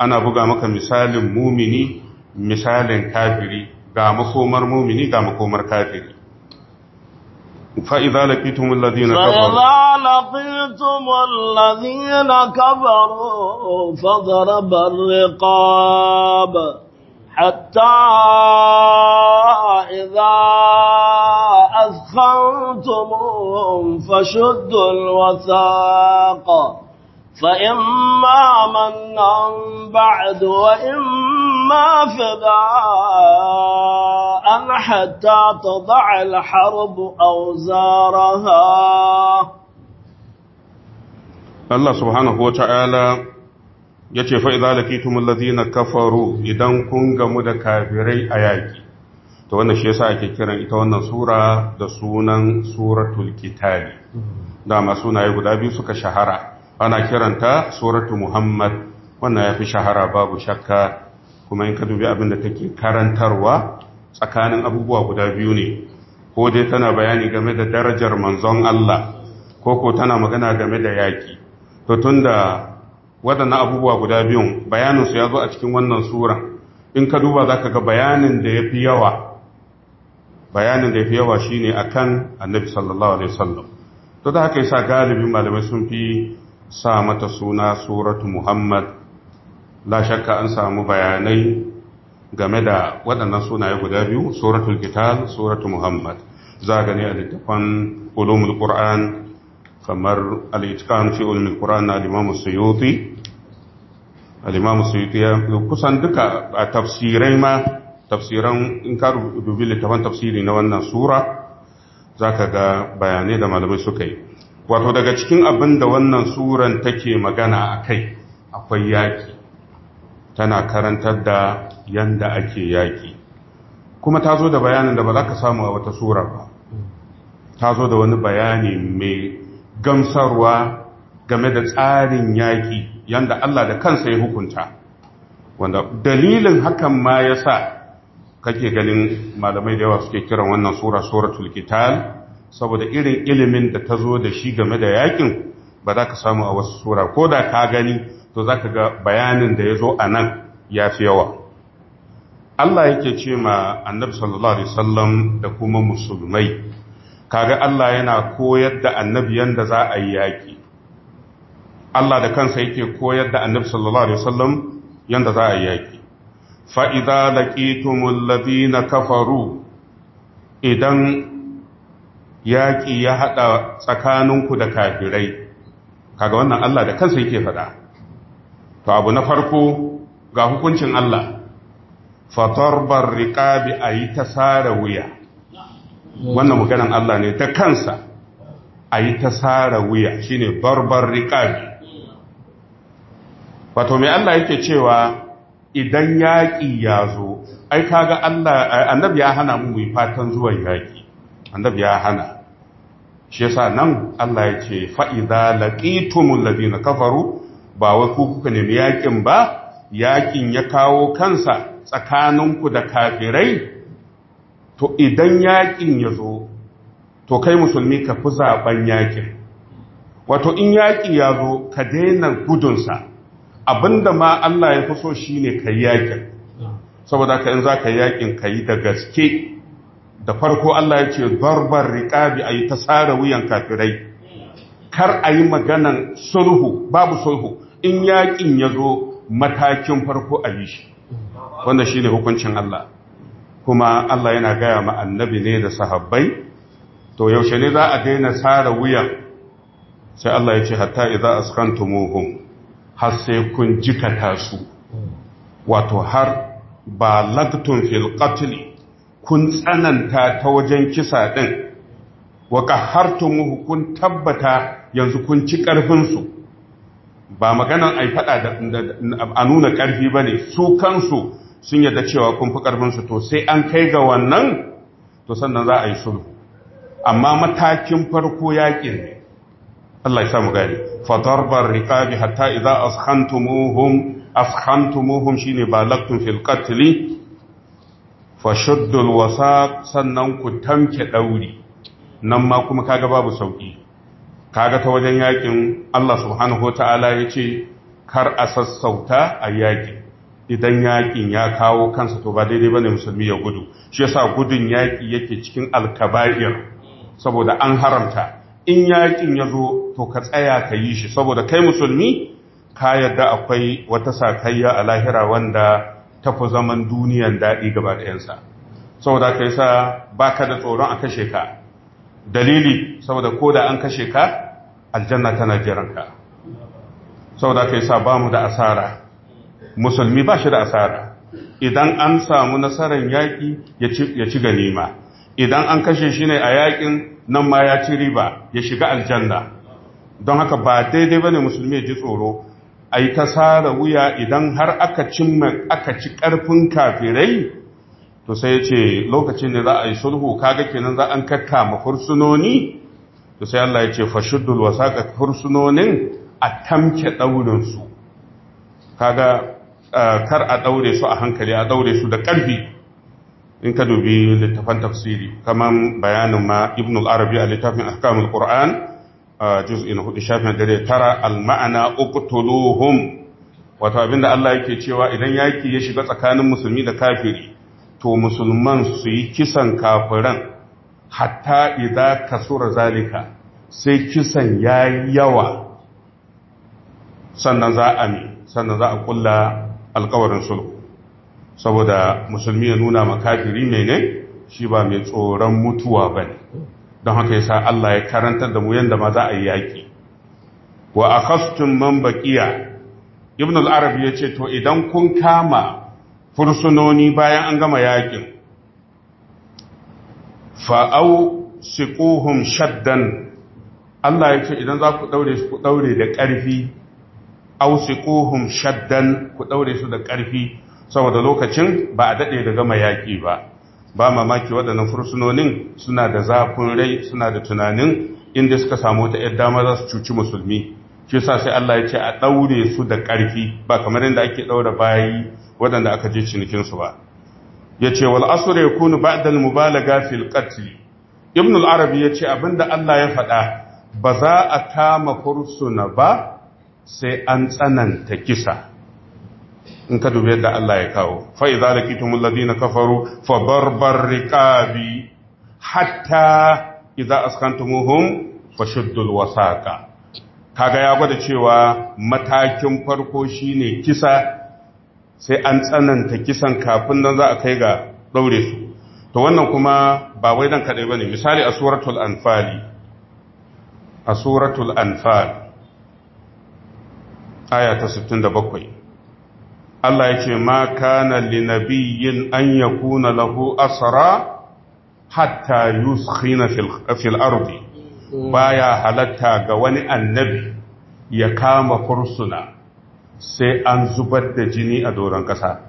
ana buga maka misalin mumini misalin kafiri ga makomar mumini ga makomar kafiri فإذا لقيتم الذين كفروا فإذا لقيتم الذين كفروا فضرب الرقاب حتى إذا أثخنتموهم فشدوا الوثاق فإما منا بعد وإما فداء حتى تضع الحرب أوزارها الله سبحانه وتعالى yace fa idza laqitum alladhina kafaru idan kun gamu da kafirai a yaki to wannan shi yasa ake kiran ita wannan sura da sunan suratul kitabi dama sunaye guda biyu suka shahara ana kiranta suratu muhammad wannan ya fi shahara babu shakka kuma in ka dubi abin da take karantarwa tsakanin abubuwa guda biyu ne ko dai tana bayani game da darajar manzon Allah ko ko tana magana game da yaƙi to tunda waɗannan abubuwa guda biyun bayaninsu ya zo a cikin wannan sura in ka duba zaka ga bayanin da ya yawa bayanin da yafi yawa shine akan annabi sallallahu alaihi wasallam to da haka yasa galibin malamai sun fi sa mata suna suratu muhammad la shakka an samu bayanai game da waɗannan sunaye guda biyu suratul kitab suratu muhammad za gani a littafan ulumul qur'an kamar al-itqan fi ulumul qur'an na imam suyuti al-imam suyuti ya kusan duka a tafsirai ma tafsiran in ka dubi littafan tafsiri na wannan sura zaka ga bayanai da malamai suka yi wato daga cikin abin da wannan suran take magana a kai akwai yaƙi tana karantar da yanda ake yaƙi kuma ta zo da bayanin da ba za ka samu a wata sura ba ta zo da wani bayani mai gamsarwa game da tsarin yaƙi yanda Allah da kansa ya hukunta wanda dalilin hakan ma ya sa kake ganin malamai da yawa suke kiran wannan sura suratul qital saboda irin ilimin da ta zo da shi game da yakin ba za ka samu a wasu sura ko da ka gani to za ka ga bayanin da ya zo a nan ya fi yawa Allah yake ce ma annabi sallallahu alaihi wasallam da kuma musulmai kaga Allah yana koyar da annabi yadda za a yi yaki Allah da kansa yake koyar da annabi sallallahu alaihi wasallam yadda za a yi yaki da idza laqitumul na kafaru idan yaƙi ya haɗa tsakaninku da kafirai kaga wannan Allah da kansa yake faɗa to abu na farko ga hukuncin Allah riƙa bi a yi ta sare wuya wannan maganan Allah ne ta kansa a yi ta sare wuya Shi shine barbar bi. wato mai Allah yake cewa idan yaƙi ya zo ai kaga Allah annabi ya hana mu yi fatan zuwan yaƙi annabi ya hana shi yasa nan Allah ya ce fa'iza laqitumul ladina kafaru ba wai ku kuka nemi yakin ba yakin ya kawo kansa tsakaninku da kafirai to idan yakin ya zo to kai musulmi ka fi zaben yakin wato in yaki ya zo ka daina gudunsa abinda ma Allah ya fi so shine kai yakin saboda ka in za ka yakin ka yi da gaske da farko Allah ya ce zarbar riƙabi a yi ta tsara wuyan kafirai kar a yi maganan sulhu babu sulhu in yaƙin ya zo matakin farko a yi shi wanda shi ne hukuncin Allah kuma Allah yana gaya ma annabi ne da sahabbai to yaushe ne za a daina tsara wuyan sai Allah ya ce hatta idza askantumuhum har sai kun jikata su wato har ba lagtun fil kun tsananta ta wajen kisa ɗin wa ƙahartumuhu kun tabbata yanzu kun ci ƙarfinsu ba maganan faɗa a nuna ƙarfi ba ne su kansu sun yadda cewa kun fi ƙarfinsu to sai an kai ga wannan to sannan za a yi sulhu amma matakin farko yaƙin ne Allah ya samu gani fadarbar riƙabi hatta idza askhantumuhum askhantumuhum shine balagtum fil qatli fashuddul wasaq sannan ku tamke dauri nan ma kuma kaga babu sauki kaga ta wajen yakin Allah subhanahu wataala yace kar a sassauta a yaki idan yakin ya kawo kansa to ba daidai bane musulmi ya gudu shi yasa gudun yaki yake cikin alkaba'ir saboda an haramta in yakin ya zo to ka tsaya ka yi shi saboda kai musulmi ka yadda akwai wata sakayya a lahira wanda tafi zaman duniyan daɗi gaba ɗayansa saboda ka yasa ba ka da tsoron a kashe ka dalili saboda ko da an kashe ka aljanna tana jiranka saboda ka yasa ba mu da asara musulmi ba shi da asara idan an samu nasarar yaƙi ya ci ganima idan an kashe shi ne a yaƙin nan ma ya ci riba ya shiga aljanna don haka ba daidai ba ne musulmi ya ji tsoro a yi ta sara wuya idan har aka aka ci ƙarfin kafirai to sai ya ce lokacin ne za a yi sulhu kaga kenan za an kakkama fursunoni to sai Allah ya ce fashuddul wasaqa fursunonin a tamke ɗaurinsu kaga kar a ɗaure su a hankali a ɗaure su da ƙarfi in ka dubi littafan tafsiri kaman bayanin ma ibn al-arabi a littafin ahkamul qur'an juz'in hudu shafin dare tara al-ma'ana uqtuluhum wato abinda Allah yake cewa idan yaki ya shiga tsakanin musulmi da kafiri to musulman su yi kisan kafiran hatta idan kasura zalika sai kisan yayi yawa sannan za a mi sannan za a kulla alkawarin sulhu saboda musulmi ya nuna ma kafiri ne shi ba mai tsoron mutuwa bane don haka yasa Allah ya karantar da mu yanda ma za a yi yaƙi, wa akhastum man baqiya ibn al-arabi yace to idan kun kama fursunoni bayan an gama yakin fa au siquhum shaddan Allah ya ce idan za ku daure su ku daure da ƙarfi au siquhum shaddan ku daure su da ƙarfi saboda lokacin ba a daɗe da gama yaƙi ba ba mamaki waɗannan fursunonin suna da zafin rai suna da tunanin inda suka samu ta ‘yar dama za su cuci musulmi shi sa sai Allah ya ce a ɗaure su da ƙarfi ba kamar yadda ake ɗaura bayi waɗanda aka je cinikinsu ba ya ce wal ya kunu ba'dal mubalaga fil qatl ibn al arabi ya ce abinda Allah ya faɗa ba za a kama fursuna ba sai an tsananta kisa in ka dubi yadda Allah ya kawo fa idza lakitum ladina kafaru fa barbar riqabi hatta idza askantumuhum fashuddul wasaqa kaga ya gwada cewa matakin farko shine kisa sai an tsananta kisan kafin nan za a kai ga daure su to wannan kuma ba wai dan kadai bane misali a suratul anfali a suratul anfal aya ta 67 Allah ya ce ma kana linabiyyin an yakuna lahu asra hatta yuskhina fil ardi baya halatta ga wani annabi ya kama fursuna sai an zubar da jini a doron kasa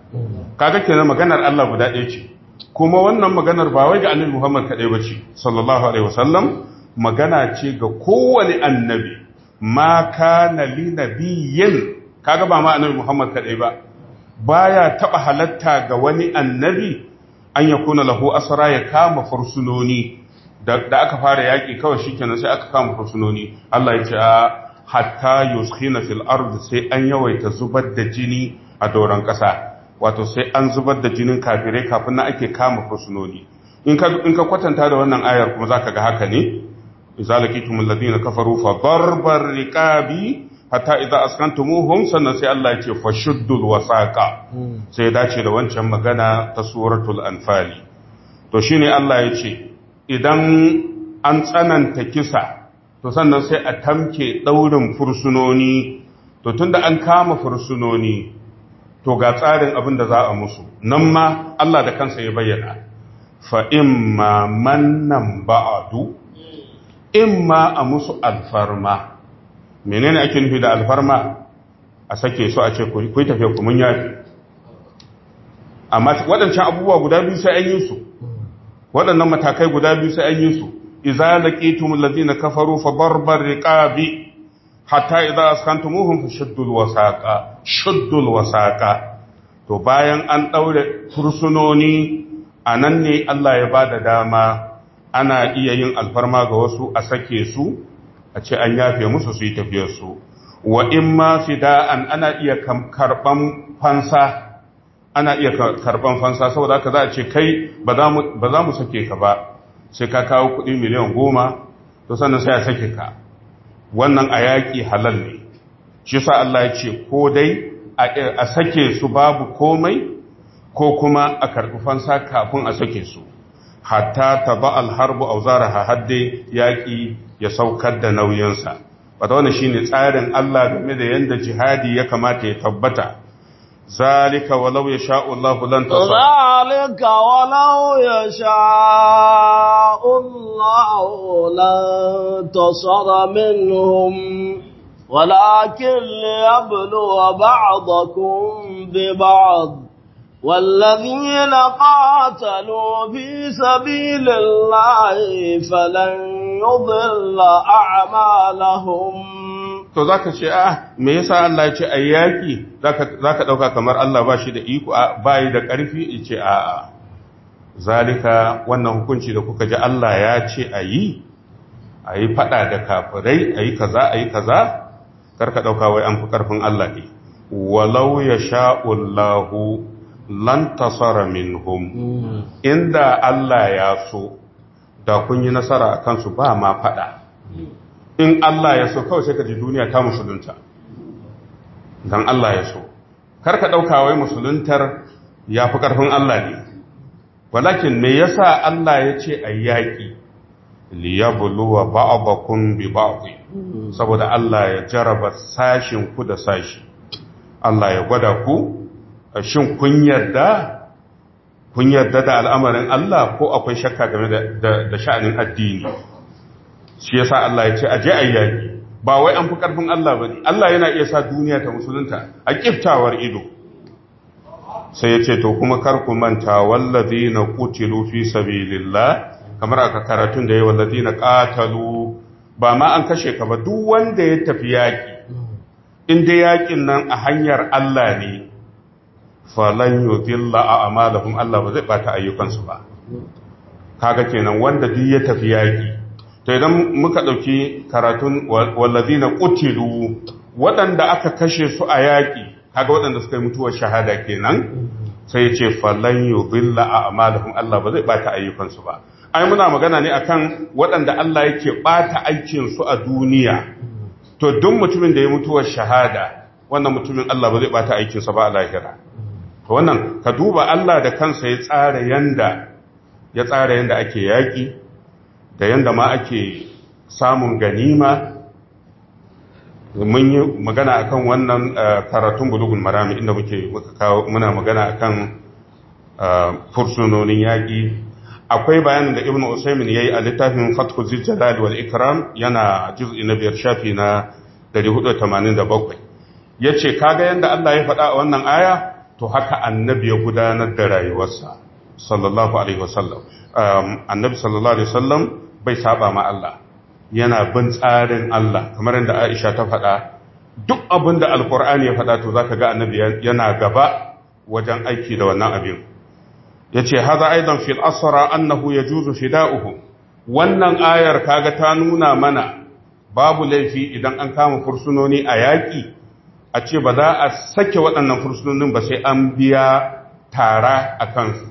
kaga kenan maganar Allah guda ɗaya ce kuma wannan maganar ba wai ga annabi Muhammad kadai bace sallallahu alaihi wasallam magana ce ga kowane annabi ma kana li nabiyyin kaga ba ma annabi Muhammad kadai ba baya taba halatta ga wani annabi an kuna lahu asara ya kama fursunoni da aka fara yaki kawai shikenan sai aka kama fursunoni Allah ya ce hatta yuskhina fil ard sai an yawaita zubar da jini a doron kasa wato sai an zubar da jinin kafirai kafin na ake kama fursunoni in ka kwatanta da wannan ayar kuma zaka ga haka ne izalakitumul ladina kafaru fa darbar riqabi hatta idan askantumuhum sannan sai Allah ya ce fashuddul wasaqa hmm. sai dace da wancan magana ta suratul anfali to shine Allah ya ce idan an tsananta kisa to sannan sai a tamke daurin fursunoni to tunda an kama fursunoni to ga tsarin abin da za a musu nan ma Allah da kansa ya bayyana fa imma mannan ba'adu imma a musu alfarma menene ake nufi da alfarma a sake su a ce ku yi tafiya kuma mun amma waɗancan abubuwa guda biyu sai an yi su waɗannan matakai guda biyu sai an yi su idza laqitum alladhina kafaru fa barbar riqabi hatta idza askantumuhum fashuddul wasaqa shuddul wasaqa to bayan an daure fursunoni anan ne Allah ya bada dama ana iya yin alfarma ga wasu a sake su a ce an yafe musu su yi tafiyarsu wa in ma da'an? ana iya karɓan fansa ana iya karban fansa saboda haka za a ce kai ba za mu sake ka ba sai ka kawo kuɗi miliyan goma to sannan sai a sake ka wannan a yaƙi halal ne shi sa Allah ya ce ko dai a sake su babu komai ko kuma a karɓi fansa kafin a sake su hatta ta ba alharbu a zara hadde yaƙi ya saukar da nauyinsa wata wani shi ne tsarin Allah game da yadda jihadi ya kamata ya tabbata zalika walau ya sha’ullahu lan tasar zalika walau ya sha’ullahu lan tasar minhum walakin ya bulu wa ba’adakun bi ba’ad والذين قاتلوا في سبيل الله فلن يضل أعمالهم to za ka ce a ah, me yasa Allah ya ce a yaƙi za ka ɗauka kamar Allah ba shi da iko ba yi da ƙarfi in ce a zalika wannan hukunci da kuka ji Allah ya ce ayi. yi a yi faɗa da kafirai a yi kaza a yi kaza karka ɗauka wai an fi ƙarfin Allah ne walau ya sha'ullahu Lan lantasara minhum hmm. inda Allah ya so da kun yi nasara a kansu ba ma fada hmm. in Allah ya so kawai sai ka ji duniya ta musulunta don Allah ya so kar ka ɗauka wai musuluntar ya fi ƙarfin Allah ne walakin me yasa Allah ya ce a yaƙi liyabluwa ba'dakum bi ba'd hmm. saboda Allah ya jaraba sashin ku da sashi Allah ya gwada ku shin kun yarda kun yarda da al'amarin Allah ko akwai shakka game da sha'anin addini shi yasa Allah ya ce aje ayyaki ba wai an fi karfin Allah ne. Allah yana iya sa duniya ta musulunta a kiftawar ido sai ya ce to kuma kar ku manta wallazina qutilu fi sabilillah kamar aka karatun da yayi wallazina qatalu ba ma an kashe ka ba duk wanda ya tafi yaƙi. in dai yakin nan a hanyar Allah ne falan yudilla a amalahum Allah ba zai bata ayyukansu ba kaga kenan wanda duk ya tafi yaƙi. to idan muka ɗauki karatun na qutilu waɗanda aka kashe su a yaƙi, kaga waɗanda suka yi mutuwar shahada kenan sai ya ce falan yudilla a amalahum Allah ba zai bata ayyukansu ba ai muna magana ne akan waɗanda Allah yake bata aikin su a duniya to duk mutumin da ya mutuwar shahada wannan mutumin Allah ba zai bata sa ba a lahira wannan ka duba Allah da kansa ya tsara yanda ya tsara yanda ake yaƙi da yanda ma ake samun ganima mun yi magana akan wannan eh, karatun bulugun marami inda muke muna magana akan eh, fursunonin yaƙi akwai bayanin da ibn usaimin yayi a littafin fatku zijjalal wal ikram yana juz'i na biyar shafi na 487 ya ce kaga yadda allah ya faɗa a wannan aya to haka annabi ya gudanar da rayuwarsa sallallahu alaihi wasallam um, annabi sallallahu alaihi wasallam bai saba ma Allah yana bin tsarin Allah kamar yadda Aisha ta faɗa duk abin da alkur'ani ya faɗa to zaka ga annabi yana gaba wajen aiki da wannan abin yace hada aidan fil asra annahu yajuzu fida'uhu wannan ayar kaga ta nuna mana babu laifi idan an kama fursunoni a yaƙi a ce ba za a sake waɗannan fursunonin ba sai an biya tara a kansu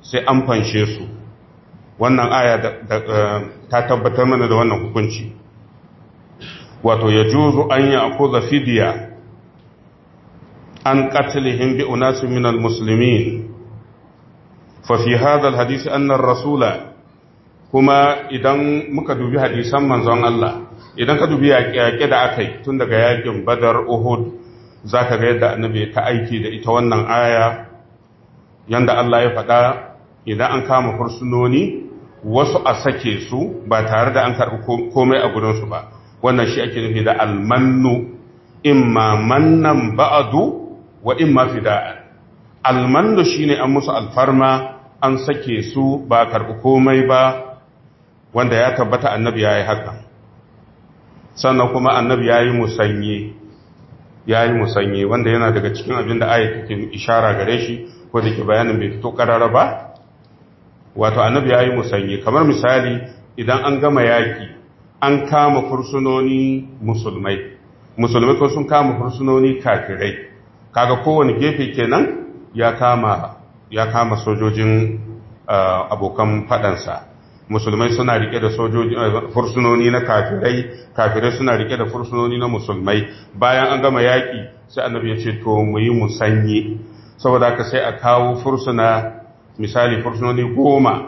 sai an fanshe su wannan aya eh, ta tabbatar mana da wannan hukunci wato ya juzu an yi a kuza fidiya an katilihin bi unasu minal musulmi fafi hadal hadisi annan rasula kuma idan muka dubi hadisan manzon Allah idan ka dubi yaƙe da aka yi tun daga yaƙin badar uhud za ka ga yadda annabi ta aiki da ita wannan aya yadda Allah ya faɗa idan an kama fursunoni wasu a sake su ba tare da an karɓi komai a gudunsu ba wannan shi ake nufi da almannu imma mannan ba'adu wa imma fida'an almannu shine an musu alfarma an sake su ba karɓi komai ba wanda ya tabbata annabi ya yi hakan sannan kuma annabi ya yi musanye ya yi musanye wanda yana daga cikin abin da aya ke ishara gare shi ko da ke bayanin bai fito karara ba wato annabi ya yi musanye kamar misali idan an gama yaki an kama fursunoni musulmai musulmai ko sun kama fursunoni kafirai kaga kowane gefe kenan ya kama ya kama sojojin eh, abokan fadansa musulmai suna rike da sojoji eh, fursunoni na kafirai kafirai suna rike da fursunoni na musulmai bayan an gama yaƙi sai annabi ya ce to mu yi musanyi saboda ka sai a kawo fursuna misali fursunoni goma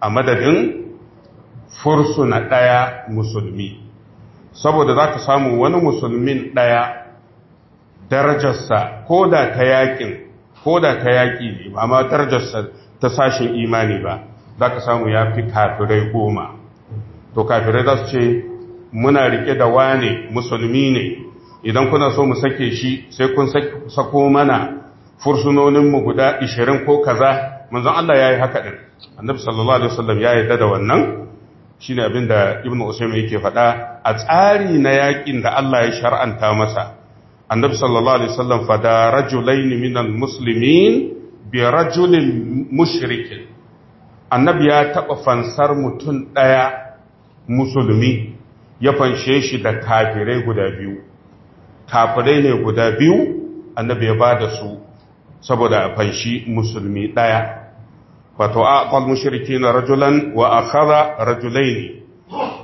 a madadin fursuna ɗaya musulmi saboda za ka samu wani musulmin ɗaya darajarsa ko da ta yaƙin ko da ta yaƙi ne ba ma darajarsa ta sashen imani ba za ka samu ya fi kafirai goma to kafirai za su ce muna rike da wane musulmi ne idan kuna so mu sake shi sai kun sako mana fursunoninmu guda ishirin ko kaza manzon Allah ya yi haka ɗin annabi sallallahu alaihi wasallam ya yarda da wannan shi ne abin da ibn usaim yake faɗa a tsari na yaƙin da Allah ya shar'anta masa annabi sallallahu alaihi wasallam fada rajulain minal muslimin bi rajulin mushrikin annabi ya taɓa fansar mutum ɗaya musulmi ya fanshe shi da kafirai guda biyu kafirai ne guda biyu annabi ya ba da su saboda a fanshi musulmi ɗaya wato a ƙwal mushirki na rajulan wa a rajulai ne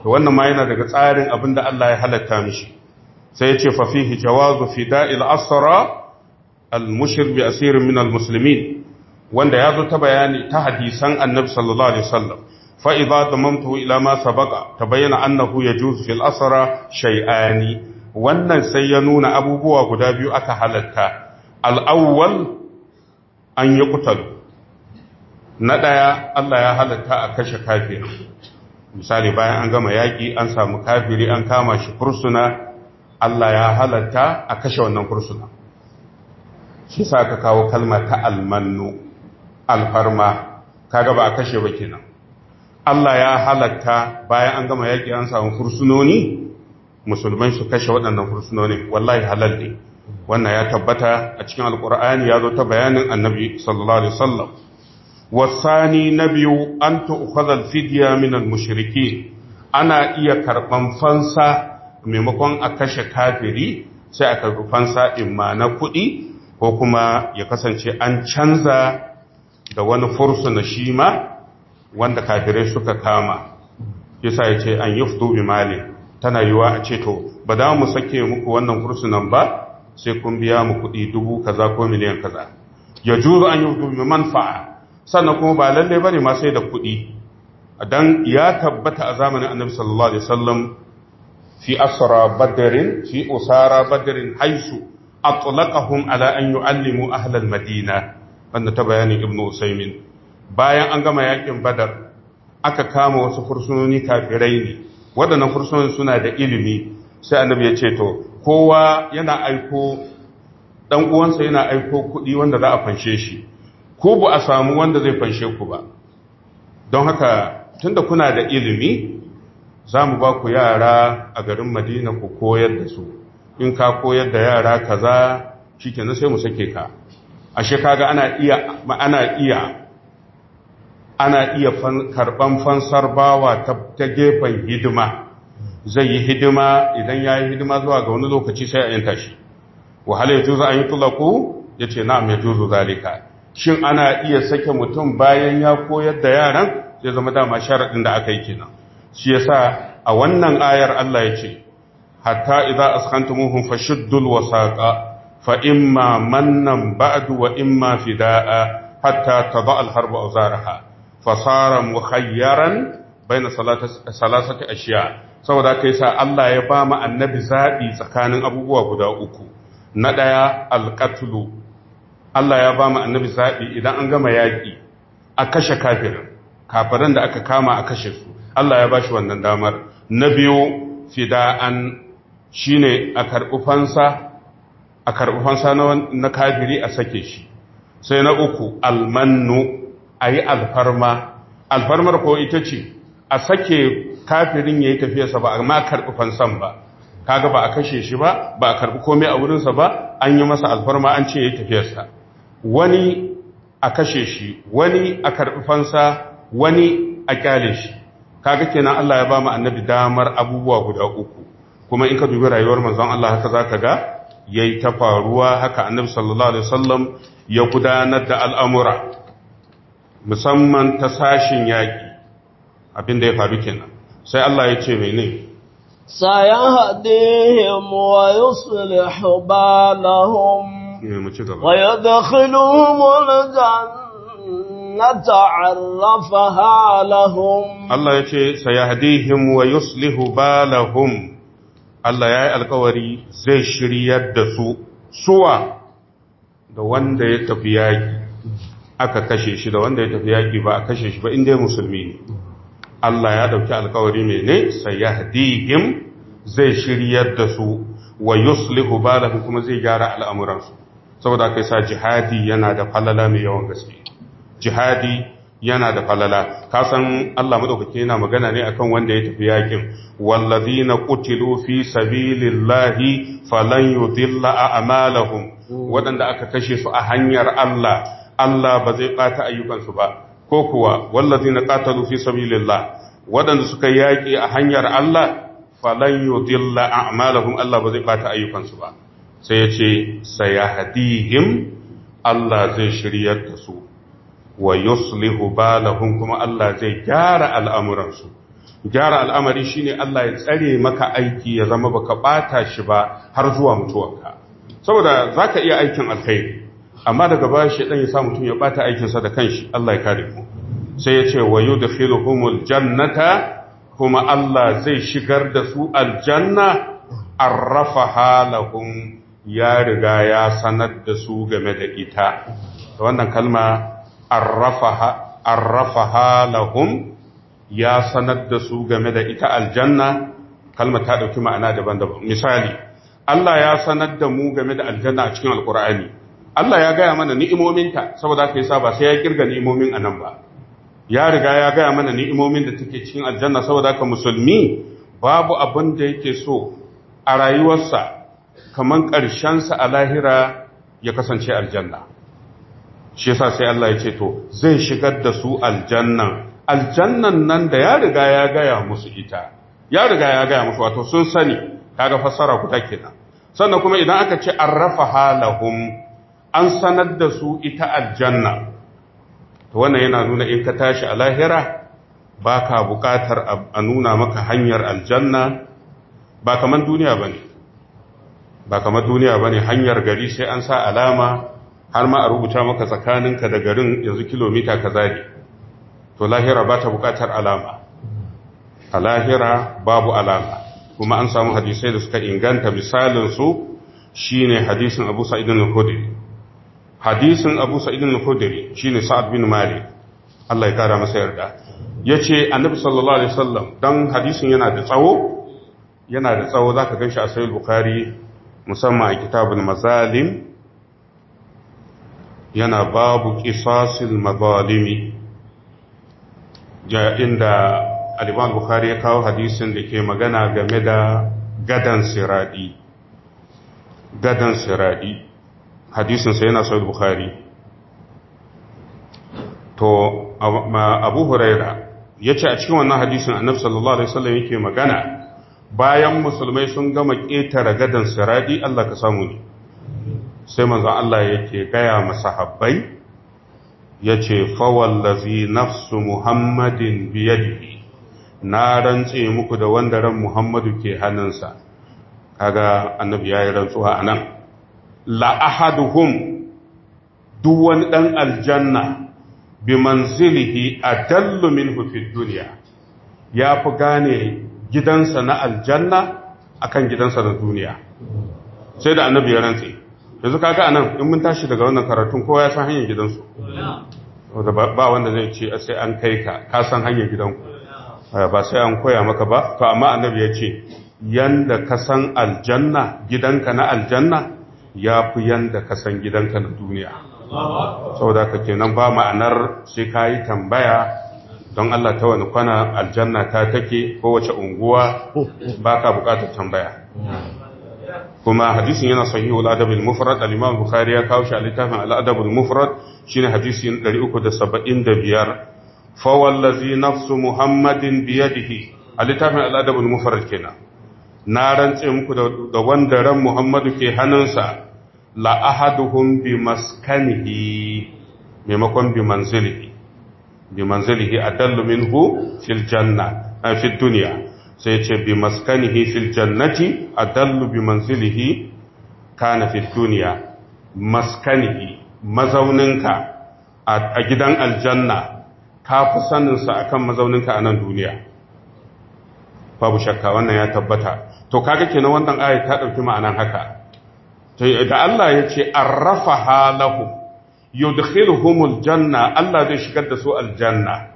wannan ma yana daga tsarin abin da Allah ya halatta mishi sai ya ce fafihi jawazu fi da'il asara al-mushir bi asirin min al musulmin wanda ya zo ta bayani ta hadisan annabi sallallahu alaihi wasallam fa idza damamtu ila ma sabaqa tabayyana annahu yajuzu fil asra shay'ani wannan sai ya nuna abubuwa guda biyu aka halatta al awwal an yuqtal na daya Allah ya halatta a kashe kafiri misali bayan an gama yaki, an samu kafiri an kama shi kursuna Allah ya halatta a kashe wannan kursuna shi sa aka kawo kalma ta almannu alfarma kaga ba a kashe ba kenan Allah ya halatta bayan an gama yaki an samu fursunoni musulmai su kashe waɗannan fursunoni wallahi halal ne wannan ya tabbata a cikin alƙur'ani ya zo ta bayanin annabi sallallahu alaihi wasallam wasani na biyu an tu'khadha al-fidya min al ana iya karban fansa maimakon a kashe kafiri sai a karbi fansa imma na kuɗi ko kuma ya kasance an canza da wani fursuna shi ma wanda kafirai suka kama yasa ya ce an yufdu bi mali tana yiwuwa a ce to ba za mu sake muku wannan fursunan ba sai kun biya mu kuɗi dubu kaza ko miliyan kaza ya juru an yufdu bi manfa'a sannan kuma ba lalle bane ma sai da kuɗi dan ya tabbata a zamanin annabi sallallahu alaihi wasallam fi asra badrin fi usara badrin haisu atlaqahum ala an yu'allimu ahlal madina wanda ta bayanin ibn usaimin bayan an gama yakin badar aka kama wasu fursunoni kafirai ne waɗannan fursunoni suna da ilimi sai annabi ya ce to kowa yana aiko dan uwansa yana aiko kuɗi wanda za a fanshe shi ko ba a samu wanda zai fanshe ku ba don haka tunda kuna da ilimi za mu ba ku yara a garin madina ku koyar da su in ka koyar da yara kaza shikenan sai mu sake ka ashe kaga ana iya ana iya ana iya karban fansar bawa ta gefen hidima zai yi hidima idan ya yi hidima zuwa ga wani lokaci sai a yanta shi wahala ya juzu an yi tulaku ya ce na'am ya juzu zalika shin ana iya sake mutum bayan ya koyar da yaran ya zama dama sharaɗin da aka yi kenan shi yasa a wannan ayar Allah ya ce hatta idza askantumuhum fashuddul wasaqa fa imma mannan ba'du wa imma fida'a hatta tadha al-harbu awzaraha fa sara mukhayyaran baina salasati ashiya saboda kai sa Allah ya ba mu annabi zabi tsakanin abubuwa guda uku na ɗaya al Allah ya ba mu annabi zabi idan an gama yaki a kashe kafirin kafiran da aka kama a kashe su Allah ya bashi wannan damar na biyu fida'an shine a karɓi fansa a karɓi fansa na kafiri a sake shi sai na uku almannu a yi alfarma alfarmar ko ita ce a sake kafirin ya yi tafiyarsa ba a karɓi fansan ba kaga ba a kashe shi ba ba a karɓi komai a wurinsa ba an yi masa alfarma an ce ya yi tafiyarsa wani a kashe shi wani a karɓi fansa wani a kyale shi kaga kenan Allah ya ba mu annabi damar abubuwa guda uku kuma in ka dubi rayuwar manzon Allah haka zaka ga yayi ta faruwa haka annabi sallallahu alaihi wasallam ya gudanar da al'amura musamman ta sashin yaki abinda ya faru kenan sai Allah ya ce ne. mene sayahdihim wa halahum? Eh, Allah ya ce عرفها لهم الله يقول سيهديهم ba بالهم Allah ya yi alkawari zai shiryar da su suwa da wanda ya tafi yaƙi aka kashe shi da wanda ya tafi yaƙi ba a kashe shi ba inda musulmi ne Allah ya ɗauki alkawari ne sai ya zai shiryar da su wa yuslihu balahum kuma zai gyara al'amuransu saboda kai sa jihadi yana da falala mai yawan gaske jihadi yana da falala ka san Allah madaukake yana magana ne akan wanda ya tafi yakin wallazina qutilu fi sabilillahi falan yudilla a'malahum wadanda aka kashe su a hanyar Allah Allah ba zai bata ayyukansu ba ko kuwa wallazina qatalu fi sabilillah wadanda suka yaki a hanyar Allah falan yudilla a'malahum Allah ba zai bata ayyukansu ba sai ya ce sayahdihim Allah zai shiryar da su wa yuslihu balahum kuma Allah zai gyara al'amuransu gyara al'amari shine Allah ya tsare maka aiki ya zama baka bata shi ba har zuwa mutuwarka saboda zaka iya aikin alkhairi amma daga shi dan ya sa mutum ya bata aikin sa da kanshi Allah ya kare ku sai ya ce wa yudkhiluhumul jannata kuma Allah zai shigar da su aljanna arrafaha lahum ya riga ya sanar da su game da ita wannan kalma arrafaha lahum ya sanar da su game da ita aljanna kalmar ta ɗauki ma'ana daban-daban misali Allah ya sanar da mu game da aljanna a cikin alkur'ani Allah ya gaya mana ni'imominta saboda ka yasa ba sai ya kirga ni'imomin a nan ba ya riga ya gaya mana ni'imomin da take cikin aljanna saboda ka musulmi babu abin da yake so a rayuwarsa kaman sa a lahira ya kasance aljanna shi yasa sai Allah ya ce to zai shigar da su aljannan aljannan nan da ya riga ya gaya musu ita ya riga ya gaya musu wato sun sani kaga fassara ku take nan sannan kuma idan aka ce arrafa halahum an sanar da su ita aljanna to wannan yana nuna in ka tashi a lahira baka bukatar a nuna maka hanyar aljanna ba kaman duniya bane ba kamar duniya bane hanyar gari sai an sa alama har ma a rubuta maka tsakaninka da garin yanzu kilomita ka zari to lahira ba ta bukatar alama a lahira babu alama kuma an samu hadisai da suka inganta misalin su shine hadisin Abu Sa'id Na khudri hadisin Abu Sa'id al shi shine Sa'ad bin mari Allah ya kara masa yarda Ya a Annabi sallallahu alaihi wasallam don hadisin yana da tsawo yana da tsawo za gan ganshi a Sahih bukari musamman a kitabun Mazalim yana babu kisasin mazalimi ja inda aliban Bukhari ya kawo hadisin da ke magana game da gadan siradi gadan siradi hadisin sai yana sahih Bukhari to Abu Huraira ce a cikin wannan hadisin Annabi sallallahu alaihi wasallam yake magana bayan musulmai sun gama ƙetare gadan siradi Allah ka samu ne sai manzon Allah yake gaya masahabbai yace fawallazi nafsu muhammadin biyadihi na rantse muku da wanda ran muhammadu ke hannunsa kaga annabi yayi rantsuwa anan la ahaduhum duk wani dan aljanna bi manzilihi adallu minhu fid dunya ya fi gane gidansa na aljanna akan gidansa na duniya sai da annabi ya rantse yanzu kaga anan in mun tashi daga wannan karatun kowa ya san hanyar gidansu ba wanda zai ce sai an kai ka ka san hanyar gidanku eh, ba sai an koya maka ba to amma annabi ya ce yanda ka san aljanna gidanka na aljanna ya fi yanda ka san gidanka na duniya saboda ka kenan ba ma'anar sai ka yi tambaya don Allah ta wani kwana aljanna ta take kowace unguwa ba ka bukatar tambaya kuma hadisin yana sahihu al-adabul mufrad al-imam bukhari ya kawo shi a littafin al-adabul mufrad shine hadisin 375 fa wallazi nafsu muhammadin bi yadihi a littafin al-adabul mufrad kenan na rantse muku da wanda ran muhammadu ke hannunsa la ahaduhum bi maskanihi maimakon bi manzilihi bi manzilihi adallu fil janna eh, fi duniya sai ce bi maskanihi fil jannati adallu bi manzilihi kana fid duniya maskanihi mazauninka a gidan aljanna ka fi saninsa akan mazauninka a nan duniya babu shakka wannan ya tabbata to kaga kenan wannan ayi ta dauki ma'anan haka da Allah ya ce arrafa halahu yudkhiluhumul janna Allah zai shigar da su aljanna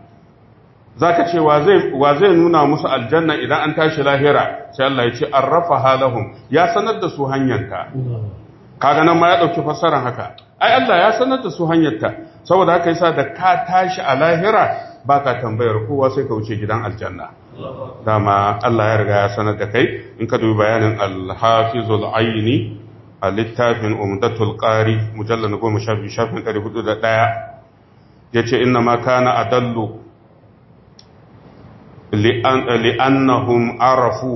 zaka ce wa zai nuna musu aljanna idan an tashi lahira sai Allah ya ce arrafaha lahum ya sanar da su hanyarta kaga nan ma ya ɗauki fassarar haka ai Allah ya sanar da su hanyarta saboda haka yasa da ka tashi a lahira ba ka tambayar kowa sai ka wuce gidan aljanna dama Allah ya riga ya sanar da kai in ka dubi bayanin al-hafizul aini a littafin umdatul qari mujallal 12 shafin 401 yace inna ma kana adallu li'annahum arafu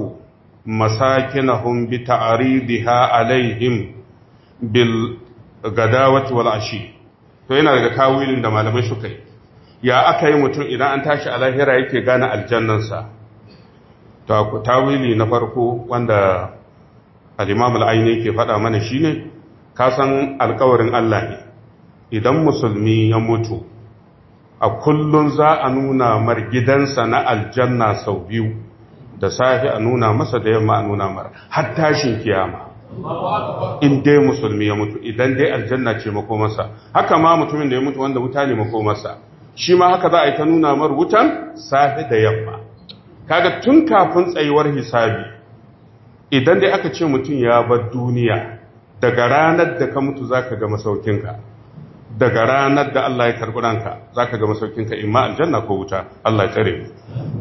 masakinahum bi ta'ridiha alaihim bil gadawati wal ashi to yana daga tawilin da malamai suka yi ya aka yi mutum idan an tashi a lahira yake gane aljannansa tawili na farko wanda al-imam al faɗa mana shine ka san alkawarin Allah ne idan musulmi ya mutu a kullum za a nuna mar gidansa na aljanna sau biyu da safi a nuna masa da yamma a nuna mar har tashin kiyama in dai musulmi ya mutu idan dai aljanna ce makomarsa haka ma mutumin da ya mutu wanda wuta ne makomarsa shi ma haka za a yi ta nuna mar wutan safi da yamma kaga tun kafin tsayuwar hisabi idan dai aka ce mutum ya bar duniya daga ranar da ka mutu za ka ga masaukinka daga ranar da Allah ya karbi ranka ka ga masaukinka imma aljanna ko wuta Allah ya tsare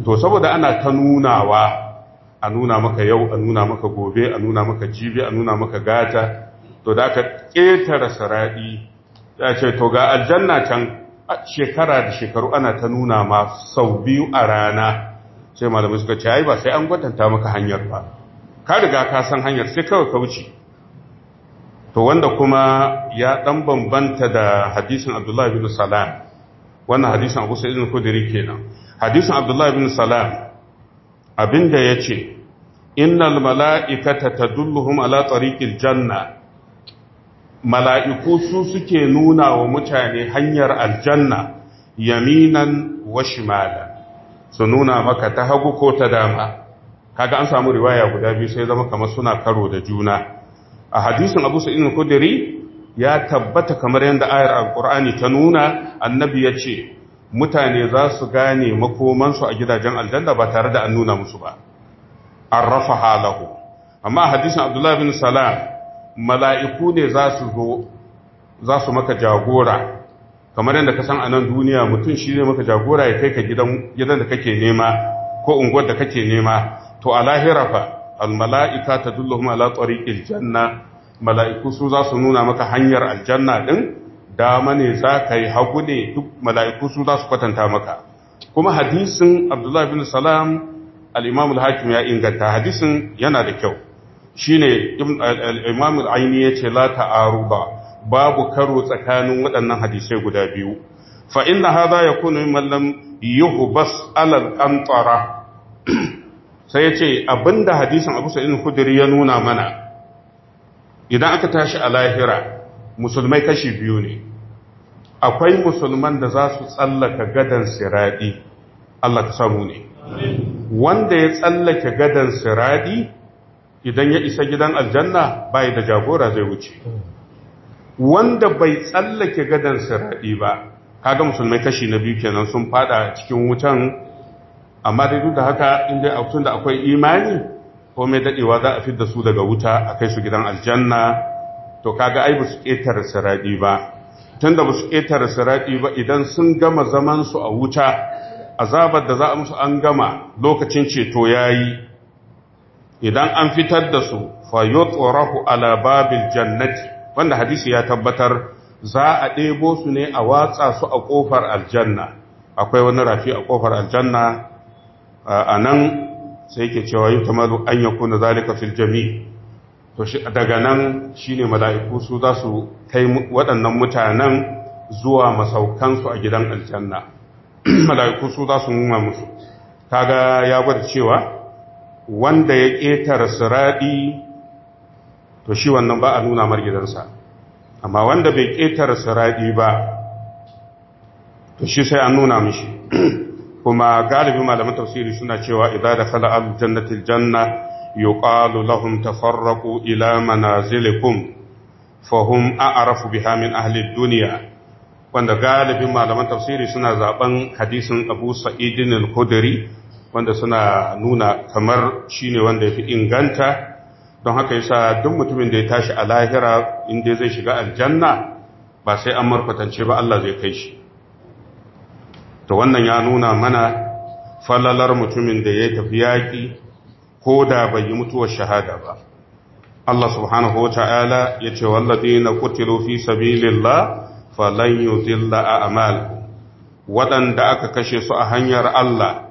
to saboda ana ta nunawa a nuna maka yau a nuna maka gobe a nuna maka jibi a nuna maka gata to da aka ƙetare saradi ya ce to ga aljanna can shekara da shekaru ana ta nuna ma sau biyu a rana sai malamai suka ce ai ba sai an gwatanta maka hanyar ba ka riga ka san hanyar sai kawai ka wuce to wanda kuma ya dan bambanta da hadisin Abdullahi bin Salam wannan hadisin Abu Sa'id al-Khudri kenan hadisin Abdullahi bin Salam abinda ce, innal mala'ikata tadulluhum ala tariqil janna mala'iku su suke nuna wa mutane hanyar aljanna yaminan wa shimala su nuna maka ta hagu ko ta dama kaga an samu riwaya guda biyu sai zama kamar suna karo da juna a hadisin abu sa'in al ya tabbata kamar yadda ayar al-qur'ani ta nuna annabi ya ce mutane za su gane makomansu a gidajen aljanna ba tare da an nuna musu ba An rafa halahu amma hadisin abdullahi bin salam mala'iku ne za su zo za su maka jagora kamar yadda ka san a nan duniya mutum shi ne maka jagora ya kai ka gidan da kake nema ko unguwar da kake nema to a lahira fa almala'ika ta dulluhum ala tsariƙil mala'iku su za su nuna maka hanyar aljanna ɗin dama ne za ka yi hagu ne duk mala'iku su za su kwatanta maka kuma hadisin abdullahi bin salam al'imamul hakim ya inganta hadisin yana da kyau shi ne al'imamul aini ya ce la ta'aru ba babu karo tsakanin waɗannan hadisai guda biyu fa'in na haza ya kunu mallam yuhu bas alal ƙantara sai ya ce abinda hadisin abu sa'idin kudiri ya nuna mana idan aka tashi a lahira musulmai kashi biyu ne akwai musulman da za su tsallaka gadon siradi, Allah ka samu ne wanda ya tsallake gadon siradi, idan ya isa gidan aljanna bai da jagora zai wuce wanda bai tsallake gadon siradi ba kaga musulmai kashi na biyu kenan sun fada cikin wutan amma dai duk da haka inda a tun da akwai imani ko mai dadewa za a da su daga wuta a kai su gidan aljanna to kaga ai ba su ƙetare saradi ba tun da ba su ƙetare saradi ba idan sun gama zaman su a wuta azabar da za a musu an gama lokacin ceto yayi idan an fitar da su fa yutarahu ala babil jannati wanda hadisi ya tabbatar za a ɗebo su ne a watsa su a ƙofar aljanna akwai wani rafi a kofar aljanna a nan sai ke cewa yi tamaru an yi kuna zalika fil jami to daga nan ne mala'iku su za su kai waɗannan mutanen zuwa masaukansu a gidan aljanna mala'iku su za su nuna musu kaga ya gwada cewa wanda ya ƙetare siraɗi to shi wannan ba a nuna mar gidansa amma wanda bai ƙetare siraɗi ba to shi sai an nuna mishi kuma galibin malaman tafsiri suna cewa idza dakhala al-jannati janna yuqalu lahum tafarraqu ila manazilikum fahum a'rafu biha min ahli duniya. dunya wanda galibin malaman tafsiri suna zaben hadisin Abu Sa'id al-Khudri wanda suna nuna kamar shine wanda yafi inganta don haka yasa duk mutumin da ya tashi a lahira inda zai shiga aljanna ba sai an markwatance ba Allah zai kai shi Da wannan ya nuna mana falalar mutumin da ya tafi yaƙi ko da bai yi mutuwar shahada ba Allah subhanahu wa ta'ala ya ce wallazi na kutilu fi sabilillah falan yudilla a amal waɗanda aka kashe su a hanyar Allah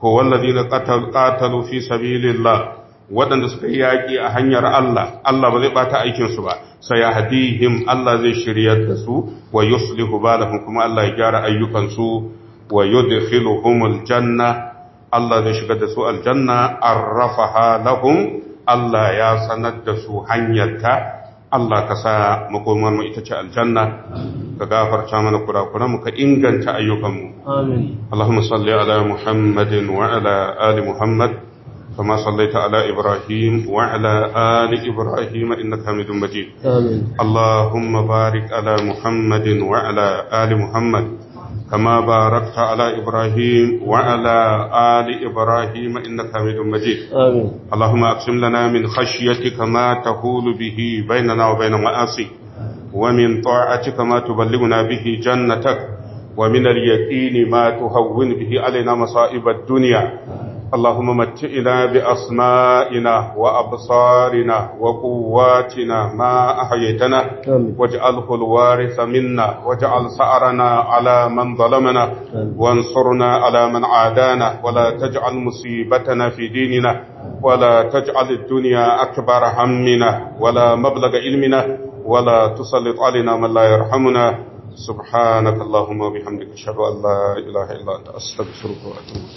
ko wallazi na qatalu fi sabilillah waɗanda suka yi yaƙi a hanyar Allah, Allah ba zai ɓata aikinsu ba, sai hadihim Allah zai shiryar da su wa yuslihu balahum kuma Allah ya gyara ayyukansu wa yudkhiluhumul janna Allah zai shigar da su aljanna arrafaha lahum Allah ya sanar da su hanyarta Allah ka sa makomar mu ita ce aljanna ga gafarta mana kurakuran mu ka inganta ayyukan mu amin Allahumma salli ala Muhammadin wa ali Muhammad kama sallaita ala Ibrahim wa ali Ibrahim Allahumma barik ala Muhammadin ali Muhammad كما باركت على إبراهيم وعلى آل إبراهيم إنك حميد مجيد آمين. اللهم أقسم لنا من خشيتك ما تهول به بيننا وبين معاصيك ومن طاعتك ما تبلغنا به جنتك ومن اليقين ما تهون به علينا مصائب الدنيا اللهم متئنا بأسمائنا وأبصارنا وقواتنا ما أحييتنا واجعله الوارث منا واجعل سعرنا على من ظلمنا وانصرنا على من عادانا ولا تجعل مصيبتنا في ديننا ولا تجعل الدنيا أكبر همنا ولا مبلغ علمنا ولا تسلط علينا من لا يرحمنا سبحانك اللهم وبحمدك أشهد أن لا إله إلا أنت أستغفرك وأتوب